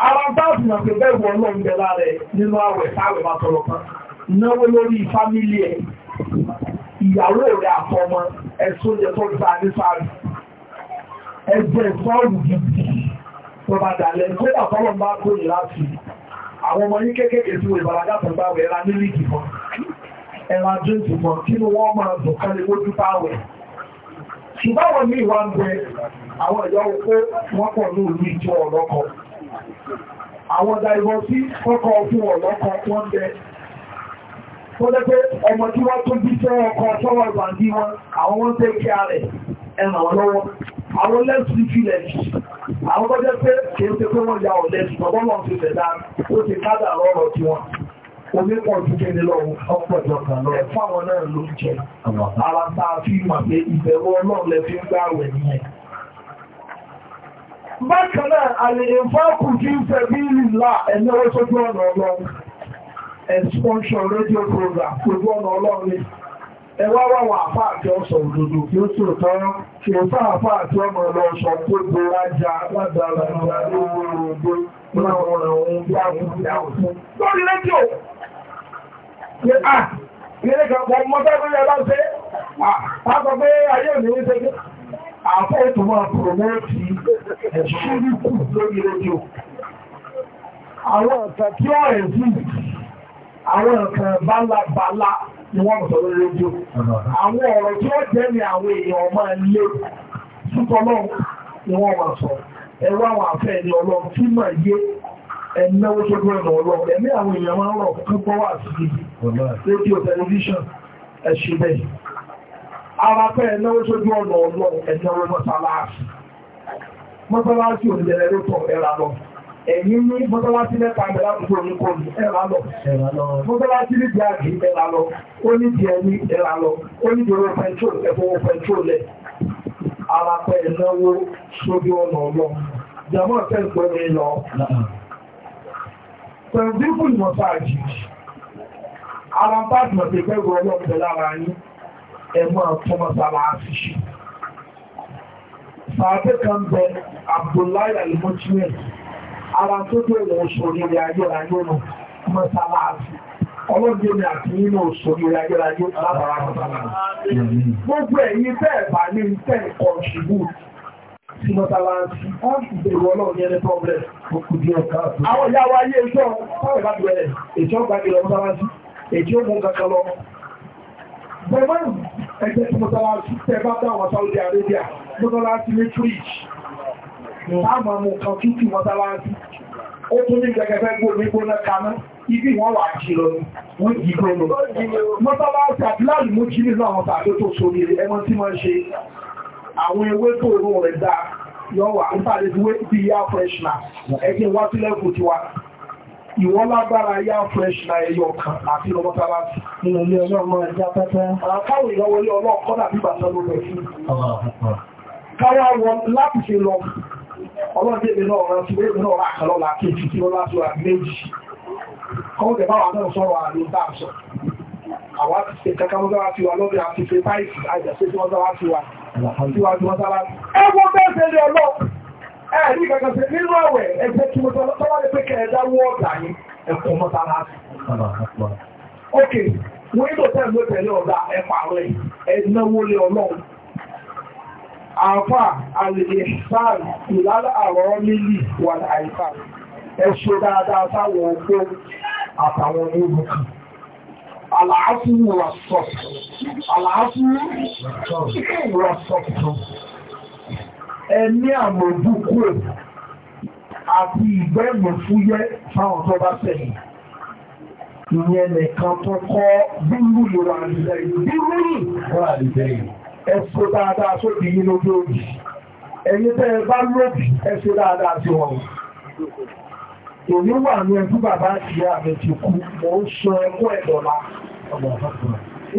ara dáàbì náà pé bẹ́ẹ̀ wọ ọlọ́run bẹ lára ẹ̀ nínú àwẹ̀ táwẹ̀ bá tọrọ kan náwó lórí fámílì ẹ̀ ìyàwó rẹ̀ àtọmọ ẹ̀sùn jẹ tó gbà ní sáré ẹgbẹ́ sọ́ọ̀lù gidi tọba dàlẹ́ tó dà tọ́lọ̀ bá kóyè láti àwọn ọmọ yí kéékèèké tí wọ́n ìbàlágà tó gbà wẹ̀ ẹ̀ra mílíkì kan ẹ̀ra jíǹsì kan kí ni wọ́n máa dùn kan lè mójú táwẹ̀ ṣùgbọ́n wọn ní ìwà ń bẹ àwọn ìyá oko wọ́n pọ̀ ní òlú ìjọ ọ̀lọ́kọ̀ọ́ àwọn dàìbọ̀ sí kọ́kọ́ fún ọ̀lọ́kọ̀ wọ́n jẹ tó lẹ́ pé ọmọ tí wọ́n tó bí tẹ́ ọkọ̀ sọ́wọ́ ìbàndí wọn àwọn wọ́n tẹ́ kí a rẹ̀ ẹ̀ràn lọ́wọ́ àwọn lẹ́sìn filẹ̀ àwọn tọ́jẹ́ pé kìí ṣe pé wọ́n ya ọ̀lẹ́ ṣùgbọ́n lọ́n ti fẹ̀ dáa ó ti kádà lọ́rọ̀ tí wọ́n omi pọ̀ ju kéde lọ ọ̀pọ̀ ìjọkàn lọ fáwọn náà ló ń jẹ ara tá a fi mà pé ìbẹ̀rù ọlọ́run lẹ fi ń gbà wẹ̀ nìyẹn Bákanáà, àlèyànfáàkù kí ń fẹ̀ bí ìlà ẹ̀mí owó sójú ọ̀nà ọlọ́run. Ẹ̀spọ́nṣọ̀ rédíò program sójú ọ̀nà ọlọ́run ni. Ẹ wá wá wà àfá àti ọ̀sọ̀ òdòdó kí ó sì tọ́ kí ó fà àfá àti ọmọ lọ sọ pé gbé rájá lágbàlá àpọ̀ tó máa promote ẹ̀ṣíríkù lórí rédíò àwọn ọ̀tẹ̀ tí ó exist àwọn ọ̀tẹ̀ bálabàlá ni wọ́n sọ lórí rédíò àwọn ọ̀rọ̀ tí ó jẹ́ ní àwọn èèyàn ọmọ ilé sútọ́lọ́ ni wọ́n wà sọ ẹwọ́ àwọn àfẹ́ ẹni ọlọ́run tí mà yé ẹ̀náwó tó gbọ́ ẹ̀nà ọlọ́run ẹ̀mí àwọn èèyàn máa ń rọ̀ kọ́kọ́ wà sí rédíò tẹlifíṣàn ẹ̀ṣin bẹ́ẹ̀ ara pẹ́ ẹ̀náwó sójú ọ̀nà ọlọ́run ẹ̀náwó mọ́sálásì mọ́sálásì ò lè rẹ̀ lótọ̀ ẹ̀rà lọ ẹ̀yìn ní mọ́sálásí mẹ́ta ẹ̀rà tó ní kò ní ẹ̀rà lọ mọ́sálásí ní ti àgbì ẹ̀rà lọ ó ní ti ẹni ẹ̀rà lọ ó ní ti owó pẹ̀trol ẹ̀fọwọ́ pẹ̀trol lẹ̀ ara pẹ́ ẹ̀náwó sójú ọ̀nà ọlọ́run jàmọ́ ọ̀tẹ́ ìpẹ́rẹ́ lọ pẹ̀lú dínkù ìmọ̀sáàjì ara bá ẹ̀mọ́ àtọ́mọ́sálásí ṣe sàábé kan bẹ Abdullahi al-Mujmir ara tó dé ìwọ̀n òṣòrìrì ayérayé nù mọ́sálásí ọlọ́dún ni àti nínú òṣòrìrì ayérayé lábàrá mọ́sálásí gbogbo ẹ̀yin bẹ́ẹ̀ bá ní tẹ́ contribute sí mọ́sálásí ìbẹ̀rù ọlọ́run yẹn ní problem àwọn ìyá wa ayé ìjọ Bọ̀mọ́nù ẹgbẹ́ tí mọ́sálásí tẹ́ bá dá wọn Saudi Arabia, mọ́sálásí ní Twitch, táàmà mú kan tútù mọ́sálásí. Ó tún ní gẹ́gẹ́fẹ́ gbómi gbóná kaná, ibi wọ́n wà jì lọ wọ́n jì gbóná. Mọ́sálásí àbíláàlì mú jí nínú àwọn tàbí tó sórí ẹmọ́ tí wọ́n ṣe àwọn ewé tó rò rẹ̀ dáa. Yọ́wà, ń pàdé ìwé bí i air freshener, ẹgbẹ́ wá sílẹ̀ kò ti wá ìwọ lágbára yá fresh na ẹyọ kan àti lọ́mọ́tara nínú ilé ọlọ́mọ ẹja pẹ́pẹ́ àkáwò ìrọwọlé ọlọ́ọ̀kọ́ dàbí bàtà ló rẹ̀ sí káwà wọn láti ṣe lọ ọlọ́dẹ̀ mi náà rántí wọ́n mi náà rà kàlọ́ láti ètì tí wọ́n láti rà méjì kọ́wọ́dẹ̀ bá wà náà sọ̀rọ̀ àlè dáàsọ̀ àwa ti ṣe kankan mọ́tà láti wà lọ́bẹ̀ àti ṣe táìsì àìjẹsẹ́ tí wọ́n tà láti wà síwájú mọ́tà láti ẹgbọ́n bẹ́ẹ̀ ẹ̀rí kankan sí nínú àwẹ̀ ẹgbẹ́ tí mo tọ́lá lè pé kẹ̀ẹ́dá wọ́ ọ̀dà yìí ẹ̀kọ́ mọ́ta láti. ok wọ́n yóò tẹ́ ìlú tẹ̀lé ọ̀dà ẹ̀pà rẹ̀ ẹ̀náwó lé ọlọ́run. àfà àlèyé sáà ìlànà àrọ́ nílì wà láìpà ẹ dáadáa sáwọn ògbó àtàwọn onígun kan. Àlàáfíà wà sọ̀tún ẹni àmójúkúrò àti ìgbẹ́mọ̀fúyẹ́ fáwọn tó bá sẹ̀yìn ìyẹn nìkan tó kọ́ bírú lòrò àdìsẹ́yìn bírú lòrò àdìsẹ́yìn ẹ̀sọ́ dáadáa sóbi yí lójú òbí ẹni tẹ́ ẹ bá lóbi ẹ̀sọ́ dáadáa sí wọn èmi wà ní ẹjú bàbá ìyá mi ti kú mò ń sọ ẹkọ́ ẹ̀dọ̀lá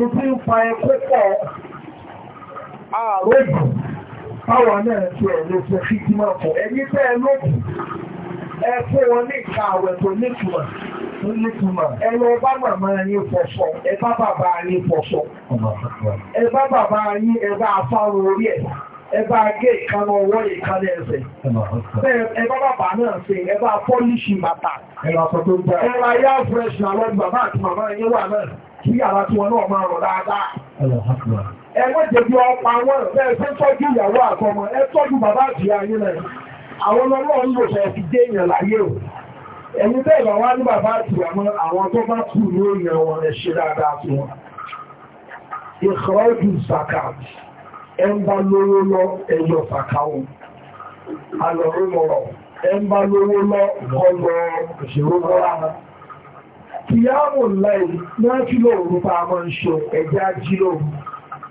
ìpín pa ẹkọ́ pọ̀ ààrẹ Báwa náà ti ẹ̀ ló fẹ́ kí kí máa fọ̀. Ẹ̀yin tẹ́ ẹ ló kù. Ẹ fún wọn ní ìka àwẹ̀ tó nítumọ̀. Tó nítumọ̀. Ẹ lọ bá màmá yín fọ̀fọ̀. Ẹ bá bàbá yín fọ̀fọ̀. Ẹ bá bàbá yín ẹ bá afárun orí ẹ̀ ẹbá gé ìkanu ọwọ́ ìkanu ẹsẹ̀. ẹbá bàbá náà ṣe ẹbá pọ́líṣì bàtà. ẹ̀rọ ayá fresh na lọ́dún bàbá àti màmá ẹ̀yẹ́wà náà kí yàrá tí wọn náà máa rọ̀ dáadáa ẹgbẹ́ jẹbi ọpa wọn ẹgbẹ́ tọ́jú ìyàwó àtọmọ ẹ tọ́jú bàbá àti ayé rẹ̀ àwọn ọlọ́run ń lò sọ fi dé èèyàn láyé o ẹ̀yin tẹ́ ìbá wá ní bàbá àti àmọ́ àwọn tó bá kù ní èèyàn wọn ẹ̀ ṣe dáadáa fún wọn ìkọ́ọ̀dù sàkà ẹ ń bá lówó lọ ẹyọ sàkà wọn alọ̀rọ̀ mọ̀rọ̀ ẹ ń bá lówó lọ ọlọ òṣèré mọ́ra wọn kìyàwó láì ní wọ́n kí lóòrùn pa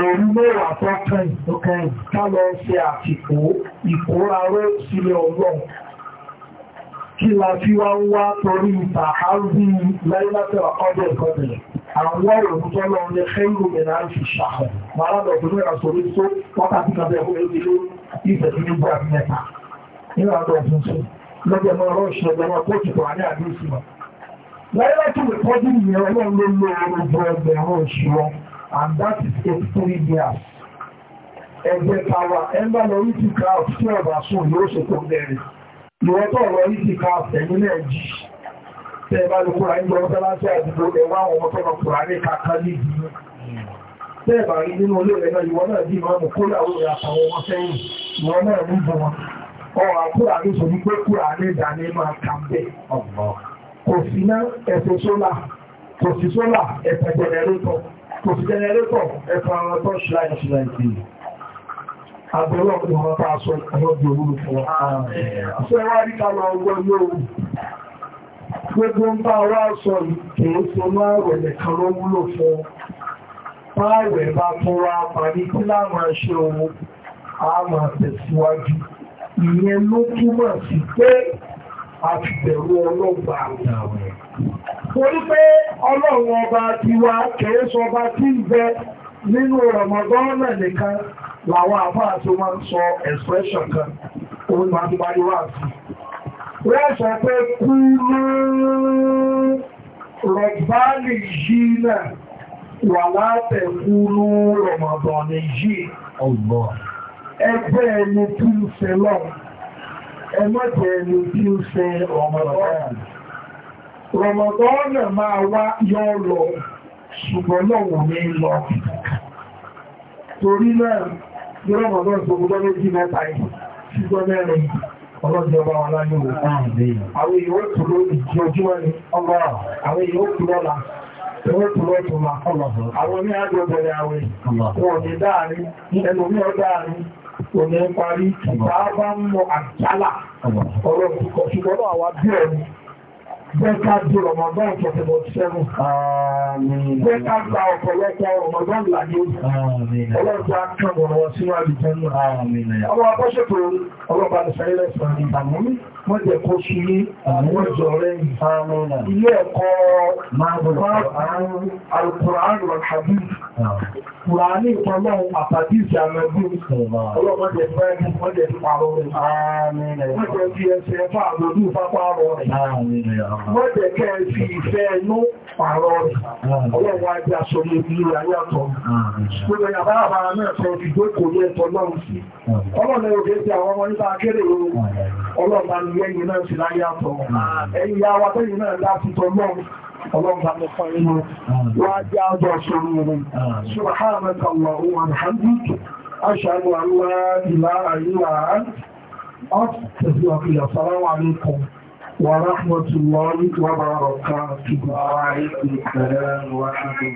Òrùlé àtọ́kàn ká lọ ṣe àtìkò ìkóraró sílẹ̀ ọlọ́run. Kí la fi wá ń wá torí ìta àrùbí láìláṣẹ́ ọdọ̀ ìkọdẹ̀. Àwọn òrùn tó lọ ní Ṣẹ́lú Mẹ́ra ń fi ṣàhọ̀. Màrádọ̀ tó mẹ́ra sọ̀rọ̀ tó wákàtí kan bẹ́ẹ̀ fún ilé ìfẹ̀sí nígbà mẹ́ta. Nígbà tó fún sí, lọ́jọ́ mọ́ ọ̀rọ̀ ìṣẹ̀lẹ̀ wọn kó tìkọ̀ àní àdúrà sí wọn. Láìláṣẹ́ ìkọdẹ̀ ìyẹn ọlọ́run ló lọ ọrọ̀ ọgbẹ̀rún òṣùwọ̀n and that is 83 years. Ẹgbẹ́ tàwa, ẹgbà lọ rí ti ká tí ọ̀bà sùn yóò ṣe tó bẹ̀rẹ̀. Ìwọ́tọ̀ lọ rí ti ká ẹ̀yìn náà jì. Tẹ́ ẹ bá lè kúra ń jọ ọjọ́ láti àdúgbò ẹwà àwọn ọmọ tọ́nà kúra ní kàkà níbi. Tẹ́ ẹ bá rí nínú olóòrè náà, ìwọ náà dì máa mú kóyàwó rẹ̀ àtàwọn ọmọ sẹ́yìn, ìwọ náà ní bọ̀ wọn. Ọ̀rọ̀ àkúrà ní sọ wípé kúrà ní ìdáni máa kà bẹ́ẹ̀. Kò sí ná ẹ̀sẹ̀ sólà, kò sí sólà ẹ̀sẹ̀ jẹ̀nẹ̀rétọ̀ kò sí jẹnẹrétọ̀ ẹ̀fà àwọn tó ṣíláì ṣíláì sí àbẹ̀lọ́ ìwọ̀n tó aṣọ ìwọ̀dì òwúrò fún Gbogbo ń bá wá sọ kìí ṣe máa rẹ̀ nìkan ló wúlò fún páàwẹ̀ bá fún wa parí tí láwọn ṣe ohun a máa àti bẹ̀rù ọlọ́gbà. Torí pé ọlọ́run ọba ti wá kìí sọba tí ń bẹ nínú Ramadana nìkan làwọn àfáà tó máa ń sọ expression kan, òun máa ti parí wá sí. Wọ́n sọ pé kú rọ̀bánì yìí náà wà látẹ̀kú ní Ramadana yìí. Ẹgbẹ́ ẹni tí ń ẹmọ́tẹ̀ ẹni tí ó ṣe Ramadan Ramadan máa wá yọ́ lọ ṣùgbọ́n lọ́wọ́ ní lọ torí náà ní Ramadan tó gbọ́dọ̀ méjì mẹ́ta yìí ṣùgbọ́n mẹ́rin ọlọ́jọba wọn láyé wò àwọn èèyàn ó tù lórí tí ojúmọ́ ni ọmọ àwọn èèyàn ó tù lọ́la Ewé tùlọ́ tó máa kọ́ lọ́fọ́. Àwọn ní àjọ bẹ̀rẹ̀ àwẹ̀, wọn ò ní dáàrin, ẹnu ní ọ dáàrin, òní parí tàbá ń lọ àjálà ọ̀rọ̀ ìkọ̀ṣùgbọ́n àwọn bí ẹ̀rù Jẹ́ká di Ramadan kẹtẹ̀bọ̀ sẹ́rùn. Jẹ́ká gba ọ̀pọ̀lọpọ̀ Ramadan láyé. Ọlọ́ta kàbọ̀rọ̀ wọ sínú àdìjẹ́ náà. Ọwọ́ apọ́ṣẹ́kò ọlọ́ba nìsàílẹ̀ sàn ìbàmú. Wọ́n jẹ́ kó sí ní àwọn rẹ̀ ilé ẹ̀kọ́ Al-Qur'an al wọ́n jẹ́ pàrọ̀ rẹ̀. Wọ́n jẹ́ bí ẹsẹ̀ fáàlú pápá rọ̀ rẹ̀ mọ́jẹ̀ kẹ́ fi ìfẹ́ ẹnú pààrọ̀ ọlọ́wọ́ ajá sọmọ ìlú ayé ọ̀tọ̀ gbogbo yàbárabàrà náà sọ ti gbókò ní ẹ̀tọ́ lọ́rùn sí ọlọ́lẹ̀ òde tí àwọn ọmọ nípa akérè o ọlọ́ọ̀bá ni ẹ̀yìn náà sì láyé ورحمة الله وبركاته وعليكم السلام ورحمة الله